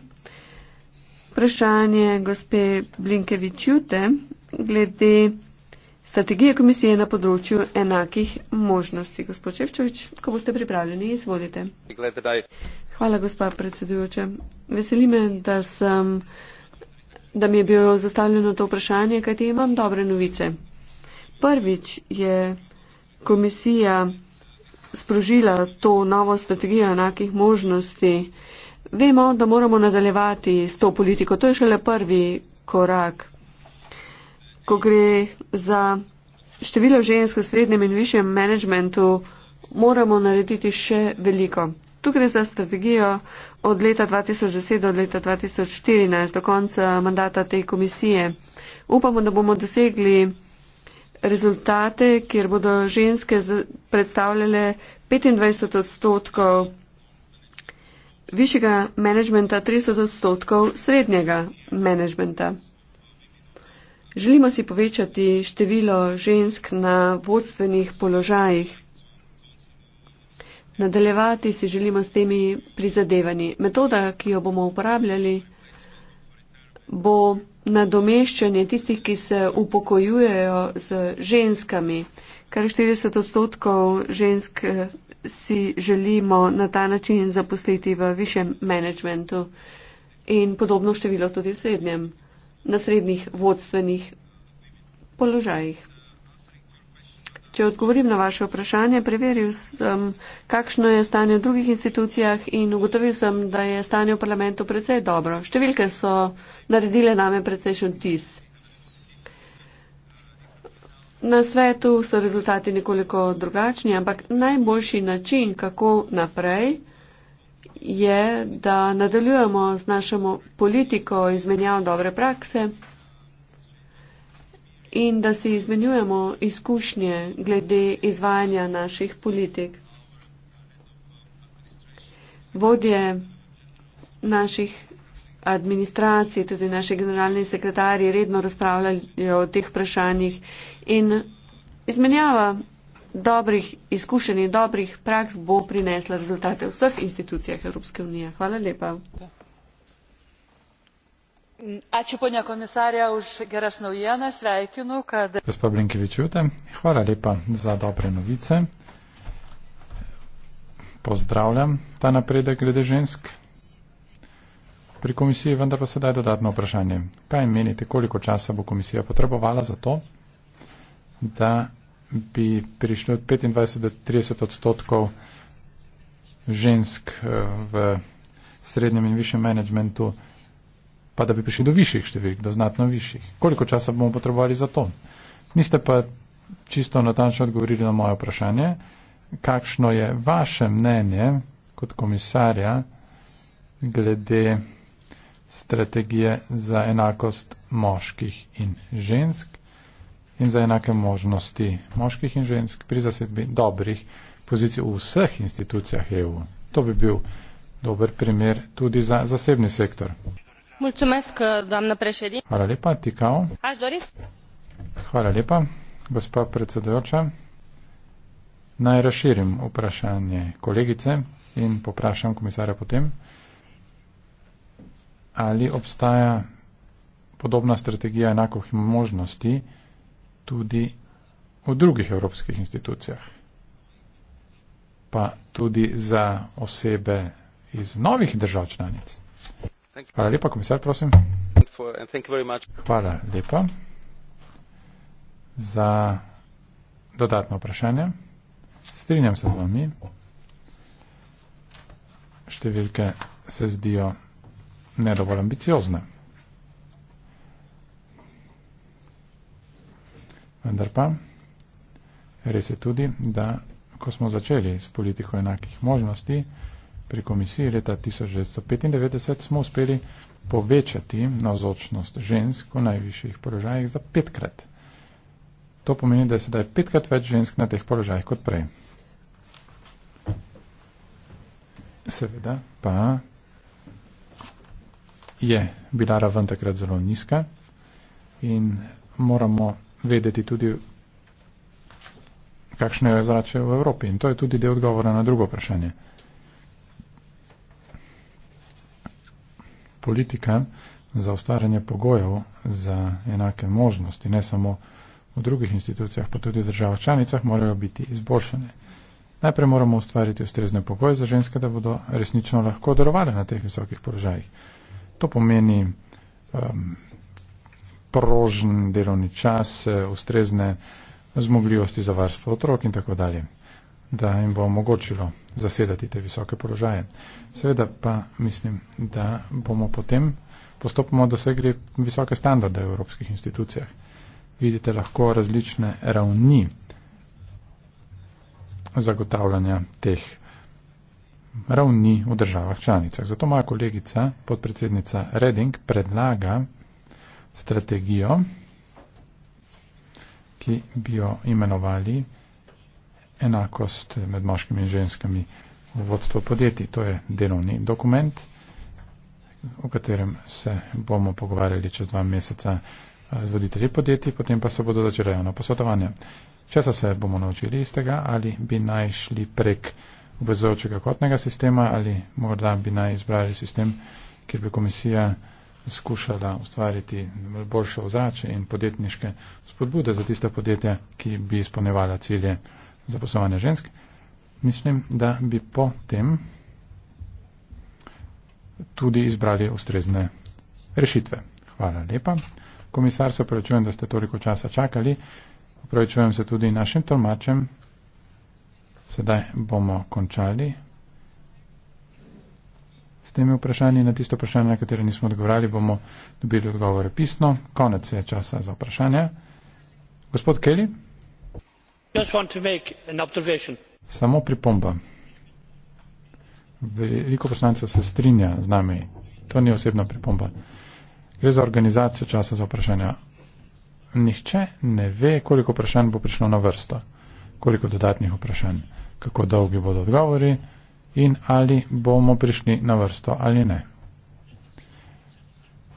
Vprašanje gospe Blinkevičute glede strategije komisije na področju enakih možnosti. Gospod Čevčovič, ko boste pripravljeni, izvolite. Hvala, gospa predsedujoča. Veseli me, da, sem, da mi je bilo zastavljeno to vprašanje, kajti imam dobre novice. Prvič je komisija sprožila to novo strategijo enakih možnosti. Vemo, da moramo nadaljevati s to politiko. To je šele prvi korak. Ko gre za število žensk v srednjem in višjem menedžmentu, moramo narediti še veliko. Tu gre za strategijo od leta 2010 do leta 2014, do konca mandata te komisije. Upamo, da bomo dosegli rezultate, kjer bodo ženske predstavljale 25 odstotkov višjega menedžmenta, 30 odstotkov srednjega menedžmenta. Želimo si povečati število žensk na vodstvenih položajih. Nadaljevati si želimo s temi prizadevanji. Metoda, ki jo bomo uporabljali, bo nadomeščanje tistih, ki se upokojujejo z ženskami. Kar 40 odstotkov žensk eh, si želimo na ta način zaposliti v višjem menedžmentu in podobno število tudi srednjem, na srednjih vodstvenih položajih. Če odgovorim na vaše vprašanje, preveril sem, kakšno je stanje v drugih institucijah in ugotovil sem, da je stanje v parlamentu precej dobro. Številke so naredile name precejšen tis. Na svetu so rezultati nekoliko drugačni, ampak najboljši način, kako naprej, je, da nadaljujemo z našo politiko izmenjav dobre prakse in da si izmenjujemo izkušnje glede izvajanja naših politik. Vodje naših administracij, tudi naši generalni sekretarji redno razpravljajo o teh vprašanjih in izmenjava dobrih izkušenj in dobrih praks bo prinesla rezultate v vseh institucijah Evropske unije. Hvala lepa. Da ačiū ponia komisarė už geras naujienas sveikinu kad Pozdravljam ta napredek glede žensk pri komisiji, vendar pa sedaj dodatno vprašanje. Kaj menite, koliko časa bo komisija potrebovala za to, da bi prišli od 25 do 30 odstotkov žensk eh, v srednjem in višjem menedžmentu? pa da bi prišli do višjih številk, do znatno višjih. Koliko časa bomo potrebovali za to? Niste pa čisto natančno odgovorili na moje vprašanje, kakšno je vaše mnenje kot komisarja glede strategije za enakost moških in žensk in za enake možnosti moških in žensk pri zasedbi dobrih pozicij v vseh institucijah EU. To bi bil dober primer tudi za zasebni sektor. Mulțumesc, doamnă președinte. Hvala lepa, Tikao. Aș dori Hvala lepa, gospa predsedujoča. Naj razširim vprašanje kolegice in poprašam komisarja potem, ali obstaja podobna strategija enakih možnosti tudi v drugih evropskih institucijah, pa tudi za osebe iz novih držav članic. Hvala lepa, komisar, prosim. Hvala lepa za dodatno vprašanje. Strinjam se z vami. Številke se zdijo ne dovolj ambiciozne. Vendar pa res je tudi, da ko smo začeli s politiko enakih možnosti, pri komisiji leta 1995 smo uspeli povečati navzočnost žensk v najvišjih položajih za petkrat. To pomeni, da je sedaj petkrat več žensk na teh položajih kot prej. Seveda pa je bila raven takrat zelo nizka in moramo vedeti tudi, kakšno je zrače v Evropi. In to je tudi del odgovora na drugo vprašanje. politika za ustvarjanje pogojev za enake možnosti, ne samo v drugih institucijah, pa tudi v državah članicah, morajo biti izboljšane. Najprej moramo ustvariti ustrezne pogoje za ženske, da bodo resnično lahko delovali na teh visokih položajih. To pomeni um, prožen delovni čas, eh, ustrezne zmogljivosti za varstvo otrok in tako dalje da jim bo omogočilo zasedati te visoke položaje. Seveda pa mislim, da bomo potem postopoma dosegli visoke standarde v evropskih institucijah. Vidite lahko različne ravni zagotavljanja teh ravni v državah članicah. Zato moja kolegica, podpredsednica Reding, predlaga strategijo, ki bi jo imenovali enakost med moškimi in ženskami v vodstvu podjetij. To je delovni dokument, o katerem se bomo pogovarjali čez dva meseca eh, z voditelji podjetij, potem pa se bodo začela javna posvetovanja. Česa se bomo naučili iz tega, ali bi naj šli prek obvezujočega kotnega sistema, ali morda bi naj izbrali sistem, kjer bi komisija skušala ustvariti boljše ozrače in podjetniške spodbude za tiste podjetja, ki bi izpolnevala cilje zaposlovanja žensk, mislim, da bi potem tudi izbrali ustrezne rešitve. Hvala lepa. Komisar, se opravičujem, da ste toliko časa čakali. Opravičujem se tudi našim tolmačem. Sedaj bomo končali s temi vprašanji. Na tisto vprašanje, na katero nismo odgovarjali, bomo dobili odgovore pisno. Konec je časa za vprašanja. Gospod Kelly samo pripomba. Veliko poslancev se strinja z nami. To ni osebna pripomba. Gre za organizacijo časa za vprašanja. Nihče ne ve, koliko vprašanj bo prišlo na vrsto, koliko dodatnih vprašanj, kako dolgi bodo odgovori in ali bomo prišli na vrsto ali ne.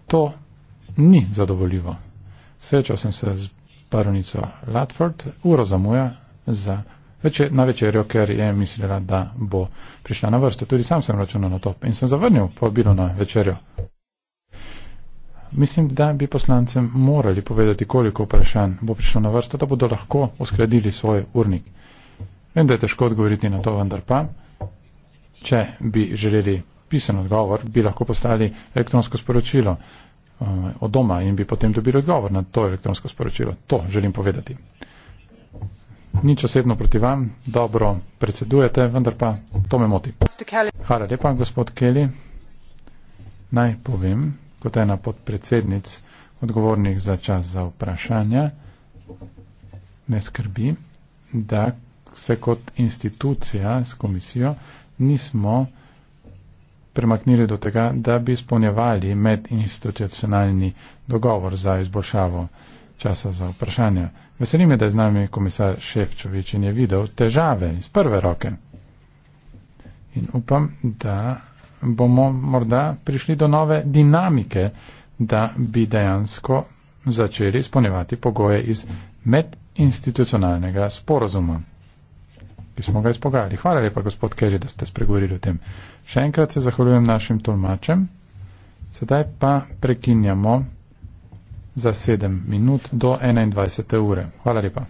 To ni zadovoljivo. Srečal sem se z baronico Latford, uro zamuja za večer, na večerjo, ker je mislila, da bo prišla na vrsto. Tudi sam sem računal na to in sem zavrnil povabilo na večerjo. Mislim, da bi poslancem morali povedati, koliko vprašanj bo prišlo na vrsto, da bodo lahko uskladili svoj urnik. Vem, da je težko odgovoriti na to, vendar pa, če bi želeli pisan odgovor, bi lahko poslali elektronsko sporočilo od doma in bi potem dobili odgovor na to elektronsko sporočilo. To želim povedati. Nič osebno proti vam, dobro predsedujete, vendar pa to me moti. Hvala lepa, gospod Kelly. Naj povem, kot ena podpredsednic odgovornih za čas za vprašanja, me skrbi, da se kot institucija s komisijo nismo premaknili do tega, da bi spolnjevali medinstitucionalni dogovor za izboljšavo časa za vprašanja. Veseli me, da je z nami komisar Ševčovič in je videl težave iz prve roke. In upam, da bomo morda prišli do nove dinamike, da bi dejansko začeli spolnjevati pogoje iz medinstitucionalnega sporozuma ki smo ga izpogajali. Hvala lepa, gospod Kerry, da ste spregovorili o tem. Še enkrat se zahvaljujem našim tolmačem. Sedaj pa prekinjamo za 7 minut do 21. ure. Hvala lepa.